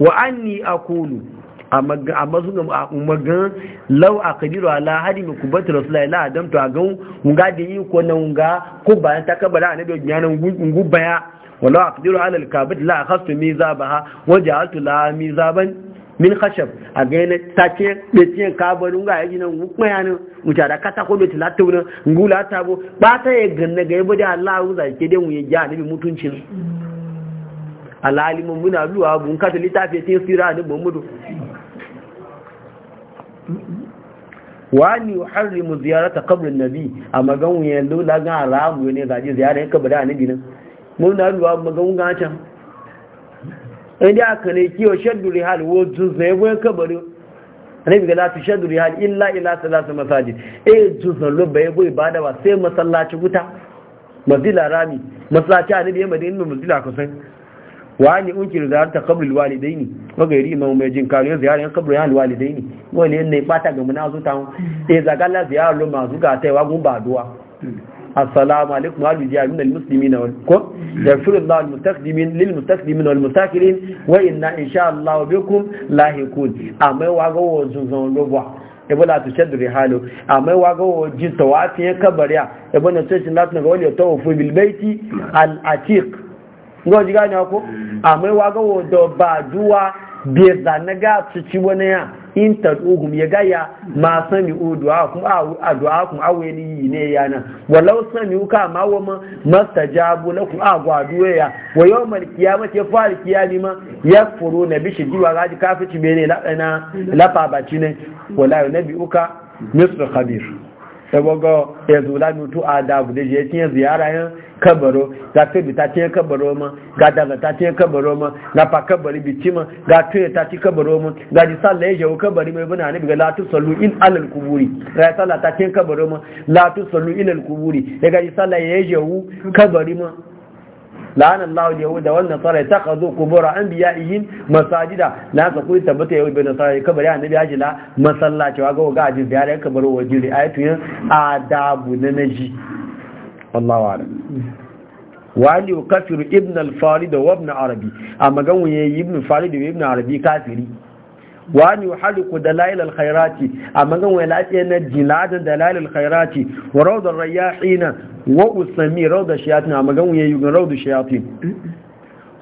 wa anni aqulu amma sun magan lau a kadiru ala hadi mai kubatar rasulai la adam to a gan wunga da yi ko na wunga ko bayan ta kabara na da yanan wungu baya walau a Kabiru ala alkabat la a kasu mi zaba ha wajen altu la mi zaban min khashab a ga yana take ka kabarin ga yin nan kuma ne muta da kata ko beti latuna ngula bo ba ta ya ganna ga yabo da Allah uza ke den wuye ja nabi mutuncin alalimin muna zuwa bun kata litafi tin sira da wa ni yuharrimu ziyarata qabrin nabi a magan wuye la ga alamu ne zaje ziyara bada annabi nan mun na magan ga can inda aka ne kiyo shaddu rihal wo juzna ya e goyen kabari annabi ga lati shaddu rihal illa ila salatu masajid eh juzna lo ya goyi e bada ba sai masallaci guta mazila rami masallaci annabi ya madina masjidil kusan wa ni unkir ta qabrul walidaini wa gairi imam mai jin kariyo ziyaran qabrul yan walidaini wani ne fata ga munazu e ta eh zagalla ziyara lo mazuka ta taiwa gun ba duwa السلام alaikum wa alihi min almuslimin wa ko yaghfirullahu almustaqdimin lilmustaqdimin walmustaqirin wa inna insha Allah bikum lahiqun amma wa ga wozun zon lobwa ebe la tu shaddu rihalu wa ga woji tawafi ya kabariya ebe na na tuna ga wani tawafu bil baiti al atiq ngo jiga bi ya in tad'uhum ya gaya ma sami'u du'akum a du'akum yi ne yana walau sami'u ka ma wa ma mastajabu lakum a gwaduwe ya wa yawmal qiyamati fa'al kiyami ma ya yakfuruna bi bishi jiwa gaji kafici bene na lafa baci ne wala bi'uka misra khabir sabogo ya zula mutu a dabu da je tiyan ziyara yan kabaro ga ta bi ta kabaro ma ga daga ta kabaro ma ga fa kabari ma ga ta ci kabaro ma ga ji kabari mai ne la tu sallu in alal kuburi ga ta ma la'ana Allah al-yahuda wan nasara taqadu qubur anbiya'ihim masajida la ta kuyi tabbata yau bi nasara kabari annabi ya jila masallaci wa ga ga ajin biyar kabar wajiri ayatu yin adabu na naji Allahu a'lam wali yukafiru ibn al-farid wa ibn arabi amma gan waye ibn farid wa ibn arabi kafiri Wani an dalail alkhairati amma gan wai lafiya na jiladan dalail alkhairati wa rawdar rayahina wa usami rawda shayatin amma gan wai yugan rawdu shayatin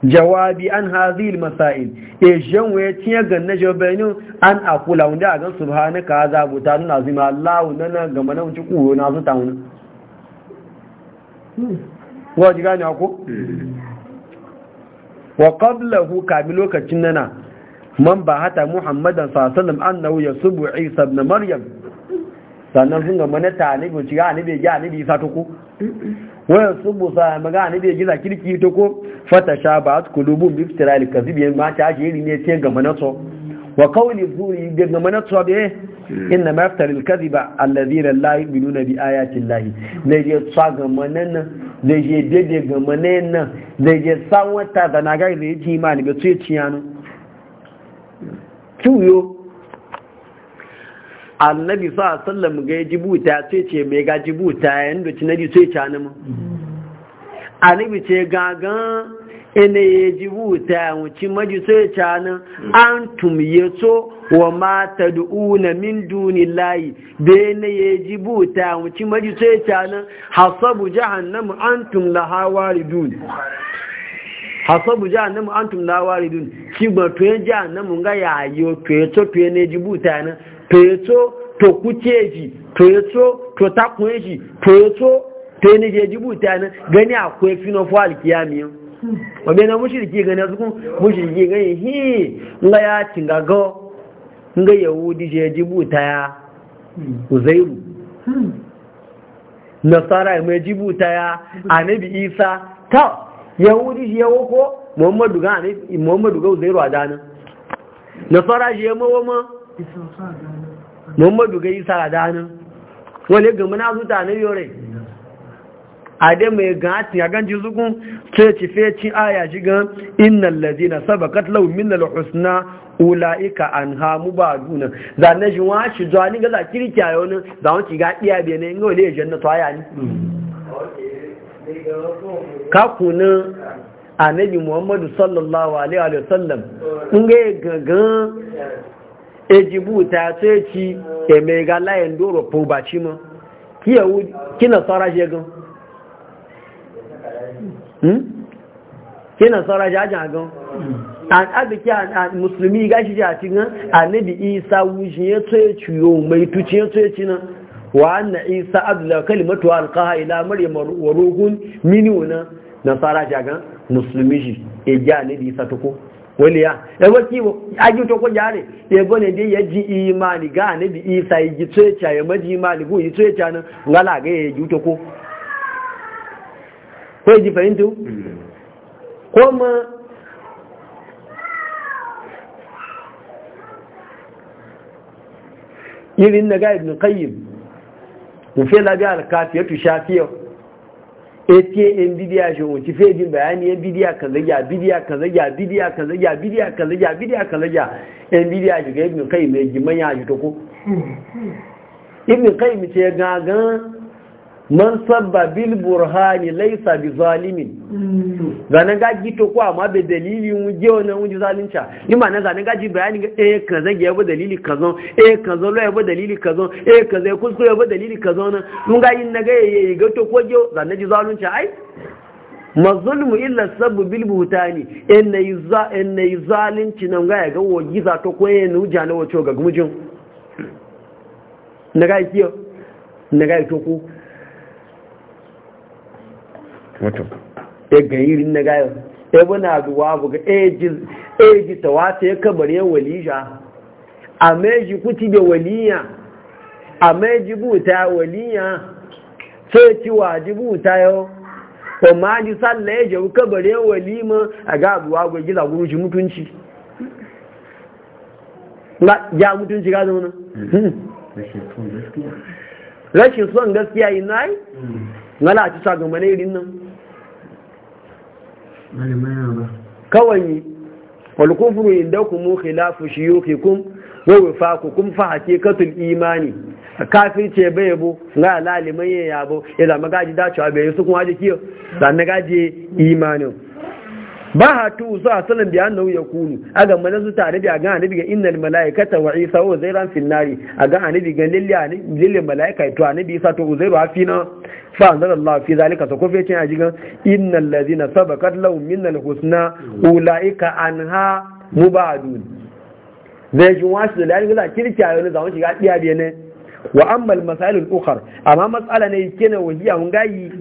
jawabi an hadhihi almasail e jan wai tiya na jawabainu an akula wanda gan subhanaka hadha butanun azima allah nan gama mana wuce kuro na zuta wani wa jiga ne ako hmm. wa qablahu kabi lokacin nana man ba hata muhammadan sasallam annahu yasubu isa ibn maryam sannan sun ga mana ne ci ga anibe ga anibe isa to ko wa yasubu sa ne be gida kirki to ko fata shabat kulubun bi iftiral kadhib yan ma ta jiri ne ce ga mana to wa qawli zuri ga mana to be inna ma al kadhiba alladhina la yu'minuna bi ayati llahi ne je tsaga manan ne je dede ga na, ne je san wata da na ga ne ji imani be ce ciyanu kiwo annabi sa sallam ga jibuta sai ce mai ga jibuta yayin da cinadi sai ce mu annabi ce gagan ina ya jibuta wuci maji sai ce anan antum yato wa ma tad'una min dunillahi be ne ya jibuta wuci maji sai ce anan hasabu jahannam antum laha waridun hasabu jahannamu antum la waridun kigba to ye jahannamu nga yayo to ye to to ye eji jibuta na to ye to to kuceji to ye to to takunji e to ye to to ye ne je jibuta na gani akwai fino fo alkiyami wabe hmm. na mushriki gani su mushriki gani hi nga ya tingago nga yahudi je jibuta ya hmm. uzairu hmm. nasara mai jibuta ya anabi isa ta yahudi shi yawo ko muhammadu ga ne muhammadu ga uzairu a dana nasara shi ya mawa ma muhammadu ga isa a dana wani gama na zuta na yore a dai mai gati a ganci zukun ce ci feci aya shi gan innan lazina saba katlau minna na husna ula'ika an hamu ba duna zane shi wa shi zuwa ni ga za kirkiya yau ne za wanci ga iya bene in ga wale ya janna kakunan annabi muhammadu sallallahu alaihi wasallam nge gangan ejibu ta ce ci e mai hmm? ga layin doro fubaci ma kina tsara shi gan kina tsara shi ajin gan an abiki a musulmi gashi shi a cikin annabi isa wujin ya ce ciyo mai tuci ya ce ci nan wa anna isa adla kalimatu alqaha ila maryam wa ruhun minuna nasara jaga muslimi ji e ja ne di isa to ko waliya e ba kiwo aji to ko jare e go ne dai yaji imani ga ne bi isa yi e tsecha ya e maji imani go yi tsecha nan ngala ga ya e ji to ko ko ji fahimtu ko ma irin na ga ibn qayyim mufe labi alkafi tu tusha fiye ete yan bidiya shi wuce fiye jin bayani yan bidiya kan zagya bidiya kan zagya bidiya kan zagya bidiya kan zagya bidiya kan zagya yan bidiya shi ga ibn kai mai jimanya ya shi ta ko ibn kai mace gangan man sabba bil burhani laysa bi zalimin mm. zanan ga gito ko amma be dalili mu je wannan mu ji zalunta ni ma nan ga ji bayani ga eh kaza ga yabo dalili kazo eh kazo lo yabo dalili kazo eh kaza kuskure yabo dalili kazo nan mun ga yin naga yayi ga to ko je zanan ji zalunta ai mazlum illa sabbu bil butani in nayi za in nayi zalunci nan ga ga wogi za to ko yin hujja na wato ga gumujin naga kiyo naga to ko mutum ya e gayirin na gayo ya e buna zuwa buga eji e tawata ya kabar yan walija a meji kuti da waliya a meji buta waliya sai ci wajibu ta yau amma ji salla ya jawo kabar yan walima a ga zuwa buga gida gurushi mutunci ya mutunci ga zaune hmm. rashin son gaskiya yi na yi hmm. ngala a ci sa gamane irin nan kawai walkufru indakum khilafu shuyukikum wa wifaqukum fa hakikatul imani kafir ce bai yabo ga lalimai yabo ya zama gaji dacewa bai su kuma ji kiyo gaji imanin ba ha tu zo a sanin da annahu ya kunu a ga mana su tare da ga annabi ga innal malaikata wa isa wa zairan fil nari a ga annabi ga lillahi lillahi malaika to annabi isa to zairu afina fa anzalallahu fi zalika to ko fecin ajigan innal ladina sabaqat lahum minnal husna ulaika anha mubadun zai jin wasu da a kirkiya yana zaun shiga ɗiya biya ne wa ammal masalin ukhar amma matsala ne kene wahiya mun gayi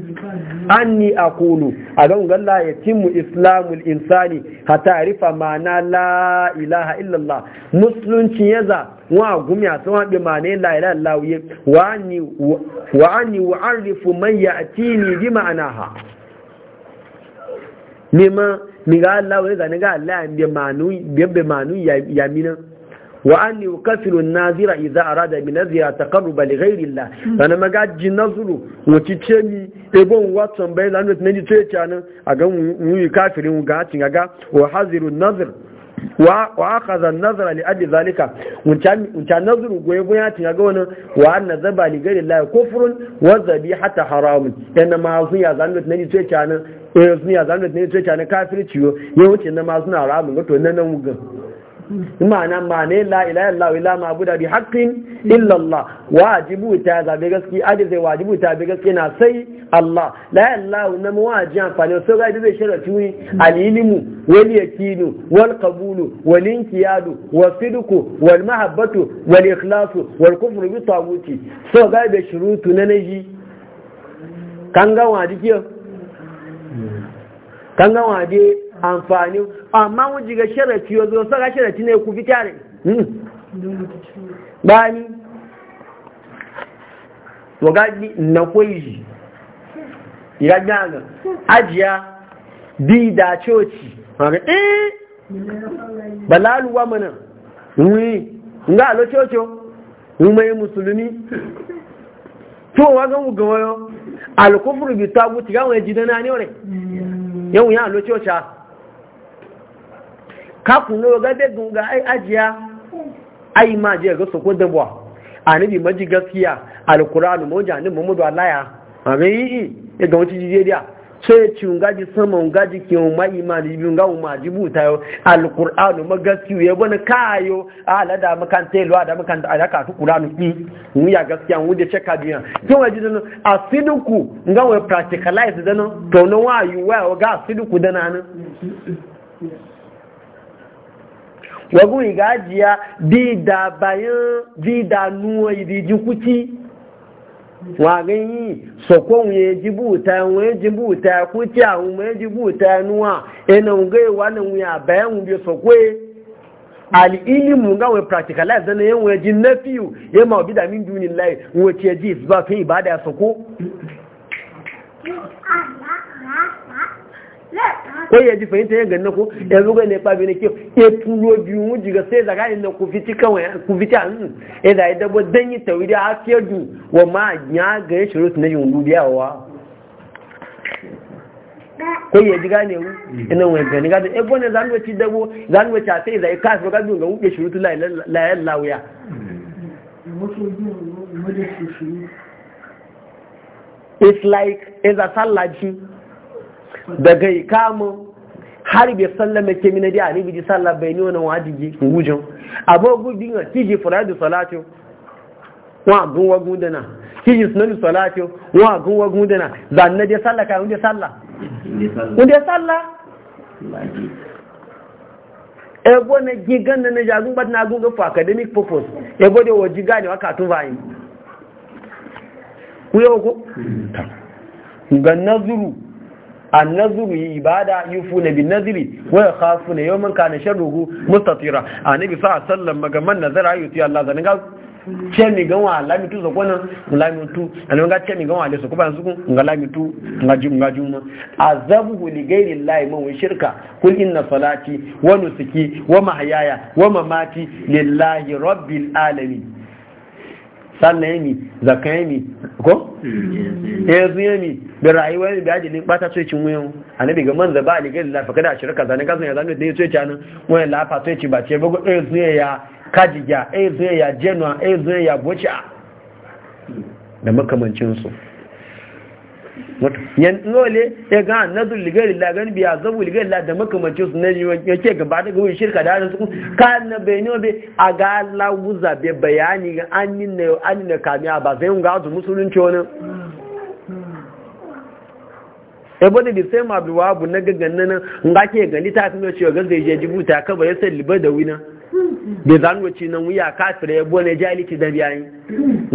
anni aqulu agan galla yatimu islamul insani hatta arifa ma'ana la ilaha allah musulunci yaza wa gumiya sun bi ma'ana la ilaha allah wa anni wa anni arifu man ya'tini bi ma'anaha mima mi ga Allah wa ga ni ga Allah bi ma'anu bi ma'anu yamina ya wa an yi kafiru nazira iza a rada mi nazira ta karu bali gairi la sana magaji nazuru wace ce mi ebon watson bai lanar na ji ce canin a ga muyi kafirin ga cin ga wa haziru nazir wa aka zan nazara li adi zalika wuce nazarin goyi goya tun ga wani wa an nazaba li gari la kufrun wa zabi hata haramun yana ma sun ya zanu e na na ni tsaye canan kafirci yo yawanci na suna haramun ga to nan nan ma'ana ma'ana la ilaha illallah ila ma buda bi haqqin illallah wajibu ta zabe gaskiya adi sai wajibu ta bi gaskiya na sai Allah la ilaha na mu waji amfani so ga dai sharatu wi alilimu wal yakinu wal qabulu wal inqiyadu wa sidqu wal mahabbatu wal ikhlasu wal kufru bi taguti so ga dai shurutu na naji kan ga wajibi kan ga wajibi amfani amma mun jiga sharafi yau zo saka sharafi ne ku fita ne hmm. bani to gaji na koyi ya gana ajiya bi da coci haka eh balaluwa mana wi nga alo coco umai musulmi to wa ga mu gawayo alkufru bi taguti ga wani jidana ne ore yau ya lo coca kakuno ga da gunga ai ajiya ai ma je ga soko da bwa anabi maji gaskiya alqur'anu moja ne muhammadu alaya ga yi e ga wuci je dia sai ci unga ji sama unga ji ki umma imani bi unga umma ji buta yo alqur'anu magaskiya ya bana kayo ala da makan te lo da makan da ka qur'anu ki mu ya gaskiya mu da cheka biya kin waji dano asiduku nga we practicalize dano to no wa you wa ga asiduku dana nan wagu igajiya bi da bayan bi da nuwa idiji kuti wagen yi sokon ya ji buta wani ji buta kuti a wani ji buta nuwa ina ngai wani wuya bayan wubi sokwe al'ilimu ga wani practicalize zana yin wani ji na fiyu ya ma obi da min duni lai wace ji ba fi ibada ya soko ko ya ji fahimta yin ganna ko ya zuga ne ba bi ne ya turo biyu mu jiga sai zaga ne na ku fiti kawai ku fiti an ya eh, da ya dabo dan yi tawidi a fiye du wa ma ya ga ya shiru na yin dubiyawa ko ya ji gane wu ina wani gani gado e eh, bone zan wace dabo zan wace a sai zai kasu ga biyu ga wuke shiru tu la la la wuya it's like it's eh, a salad daga ikamun har bai sallama ke mina da ani ji sallah bai ni wannan wajibi gujin abu gudin ga kiji da salatu wa gun wa gudana kiji da salatu wa gun wa gudana zanna da sallah kan da sallah kun da sallah ebo na gigan na jagun bat na gun for academic purpose ebo da waji gane waka tun bayin ku yau ko hmm. ga nazuru annazuru ibada yufuna bin nazri wa khafuna yawman kana sharruhu mustatira annabi sallallahu alaihi wasallam maga man nazara yuti Allah zanen ga ce mi gan wa lami tu zakona lami tu an ga ce mi gan wa le sokoba suku su lami tu nga jum nga jum azabu li ghairi llahi man shirka kul inna salati wa nusuki wa mahyaya wa mamati lillahi rabbil alamin sannan mi, zaka mi, ko yanzu mi da rayuwa yi biya jini ta so cin wuyan annabi ga manza ba ali gari lafa kada shirka zane kasu ya zane da ya ta canin wuyan lafa so ci ba ce bugu eh zuya ya kajija eh zuya ya jenwa eh zuya ya bocha da makamancinsu yan nole ya ga nazar ligari la gan biya zabu ligari la da makamanci su ne yake gaba da gwi shirka da hannun su ka na bayani be a ga la wuza be bayani ga annin ne annin ne kamiya ba sai mun ga su musulunci wani e bane bi sai ma abu na gaggan nan ga ke gani ta tuno cewa ga zai je jibuta ka ba ya sai liba da wina bai zan nan wuya kafir ya bone jali ki da biyayi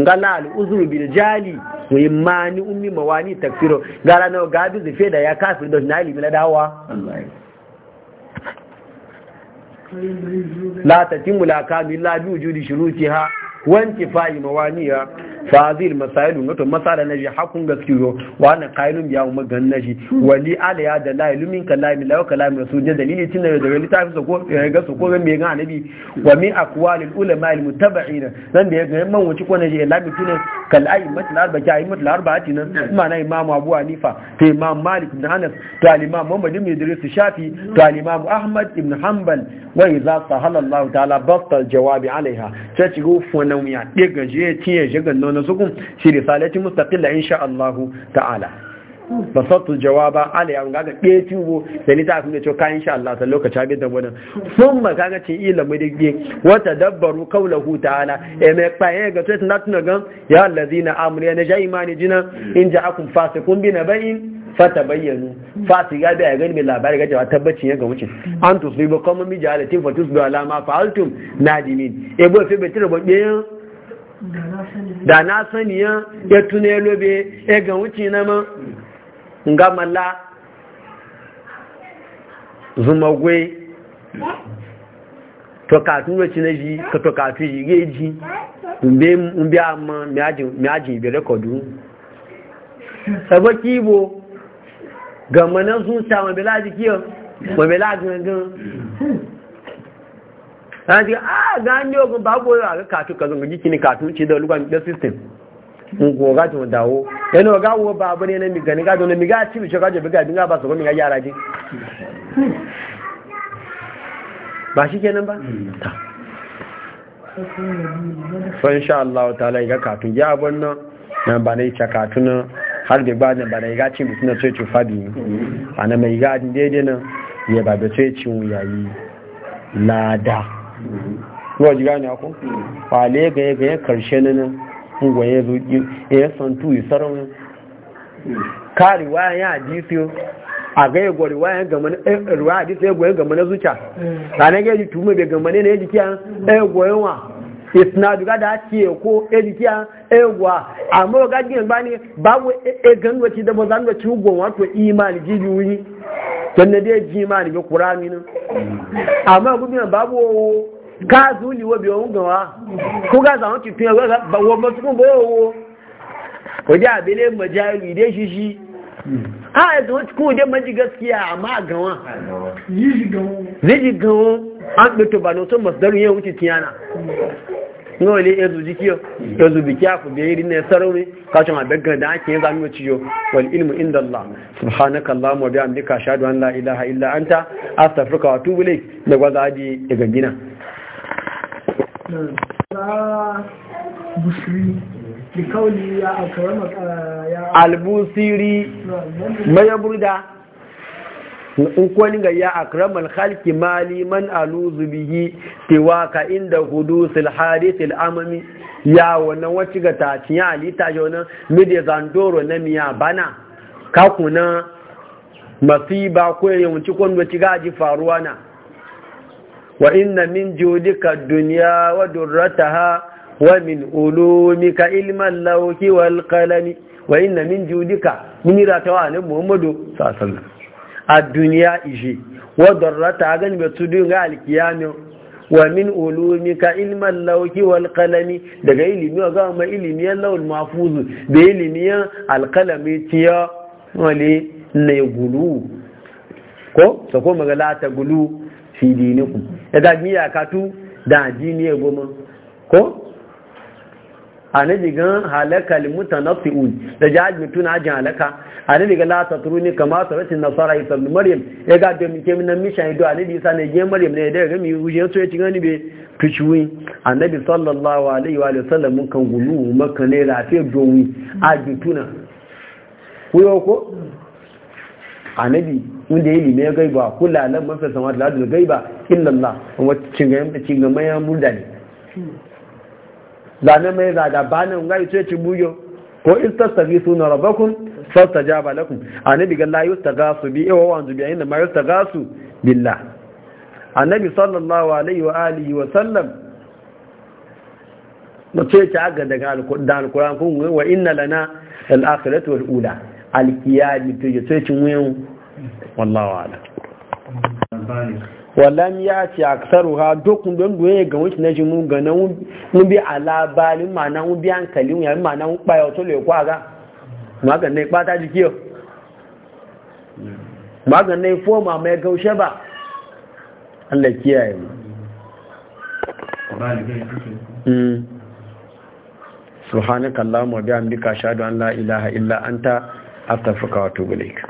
ga lal uzuru bil jali wa imani ummi mawani takfiro gara nawa bi zufe da ya kafir da na limila dawa la tatimul akami la bi wujudi shurutiha wanki fa'i mawaniya fazil masailun wato masala naji hakun gaskiyo wa na kailun biya mu magan naji wali ya da la ilumin kalami lawa kalami su je dalili tin da wali tafi so ko eh, ga so ko ga me ga annabi wa min aqwal al ulama al mutaba'ina nan da ga man wuci ko naji eh, labi tin kal ai matal arba ja ai matal arba ma mana imam abu hanifa to imam malik da anas to al imam muhammad ibn idris shafi to al imam ahmad ibn hanbal wa idza sahala allah ta'ala basta al jawabi alaiha ta ci gufun na wuya ɗaya gaje ya shigar nuna sukun shi risalati in insha Allah ta'ala ba sattu jawaba ala ya gaga ɗaya tubo da ni ta fi da cewa insha Allah ta lokaci abin da wannan sun ma gaga cin ilimi da ke wata dabbaru hu ta'ala e mai kpaye ga tuwa tana gan ya na amuriya na ja imani jina in akun fasikun bi na bayin fata bayyanu fasi ga bi a gani mai labari ga jawa tabbacin ya ga wuce an to su yi bakon mami jihalatin fatus da alama fa'altum nadimin ebo efe betere bakiyan da na saniya ya tune lobe ya ga wuce na ma nga malla zumagwe to katun wuce na ji ka to katun ji ga ji mbe amma mi ajin bi rekodu sabo kibo sa gammanin zuciya mabila jiki mabila gangan ta ce a gani ogun babu yau a ga katu ka zunga jiki ne katu ce da lugan da system ko ga ci dawo yana ga gawo babu ne na migani gado na miga ci bishe gajo bi, biga ba su gomi ya yara ji ba shi kenan ba fa sha Allah ta'ala ga katu ya bannan nan ba ne ka katu nan har da gbanin ba na yi gaci mutum na tsoci fadi fabi a na mai iga daidai nan ya ba da tsoci ci yayi lada yau ji gani ako kwale ga ya gaya karshe na ungwa ya zuki ya san tu yi sarari kari wayan ya adisiyo a ga ya gwari wayan gama na eh, ruwa adisiyo ya gwayan gama na zuciya ranar eh. gaji tuma bai gama ne na ya jiki mm. eh, ya gwayan wa isnadu da ce ko edikiya egwa amma ga gina ba ne babu egan e wace da ba za mu wato imani ji biyu dan ji imani ga qur'ani nan amma gudu ne babu ka zuli wo biyo ngawa ko ga za mu ci tin ga ba wo mu tun bo wo ko ja bele majalu dai shi shi a yanzu wacce kuma dai maji gaskiya amma gawa zai ji an ɗuto ba na sun masdaru yin wuce tiyana nawa ne yanzu jikiyo yanzu biki ya fi bayiri na sarauni kashin a daga da ake yin zanuwa ciyo wal ilmu inda Allah subhanaka Allah wa bihamdi ka shaɗu an la ilaha illa anta astaghfiruka wa atubu ilayk da gwaza aji daga gina albusiri ما يبرده ukwani ga ya akramal khalqi mali man aluzu bihi tiwaka inda hudusil hadith al amami ya wannan wacce ga tacin ya alita jona mide zandoro na miya bana ka kuna masiba ko yawanci kon wacce ga ji faruwa na wa inna min judika dunya wa durrataha wa min ulumika ilman lawhi wal qalami wa inna min judika munira ta muhammadu sallallahu alaihi wasallam a duniya ishe wadda rata gani ba su dunga alkiyami wa min ka ilman lauki wal kalami daga ilimi ga ma ilimiyan lawul mafuzu da ilimiyan alkalami tiya wale na ya gulu ko ta ko magala ta gulu fi dinikum ya ga miya katu da addini ya goma ko ani gan halaka limutanasiun da jaj mutun ajin halaka ani diga la tatruni kama tarati nasara isa ibn maryam ya ga da mike min misha ido bi isa ne ge maryam ne da ga mi wuje so ya ci gani be tuchuwi annabi sallallahu alaihi wa sallam kan gulu maka ne lafiya ajin tuna kuyo ko annabi wanda ya lime gaiba kula lan mafi samar da gaiba illallah wacce cin ga cin ga mayan murdani. ne zane mai zaga banin ngai ce ci buyo ko in suna sauta ja ba lakun A nabi ga ta gasu bi wa wanzu mayu ta gasu billa. A nabi sallallahu alaihi wa alihi wa sallam na ce aga daga alkuran kun wa inna lana al wal ula al-qiyadi ce ci wayan wallawa. a'lam walam ya ce a kasaru ha dokun don doye ga wuce na jimu ga na bi alabali ma'ana bi hankali ya ma bi ma'ana kpaya wato le kwa ga magan na ikpata jiki yau magan na ma mai gaushe ba allah kiyaye mu hmm. subhanakallahumma bihamdika ashhadu an la ilaha illa anta astaghfiruka wa atubu ilaik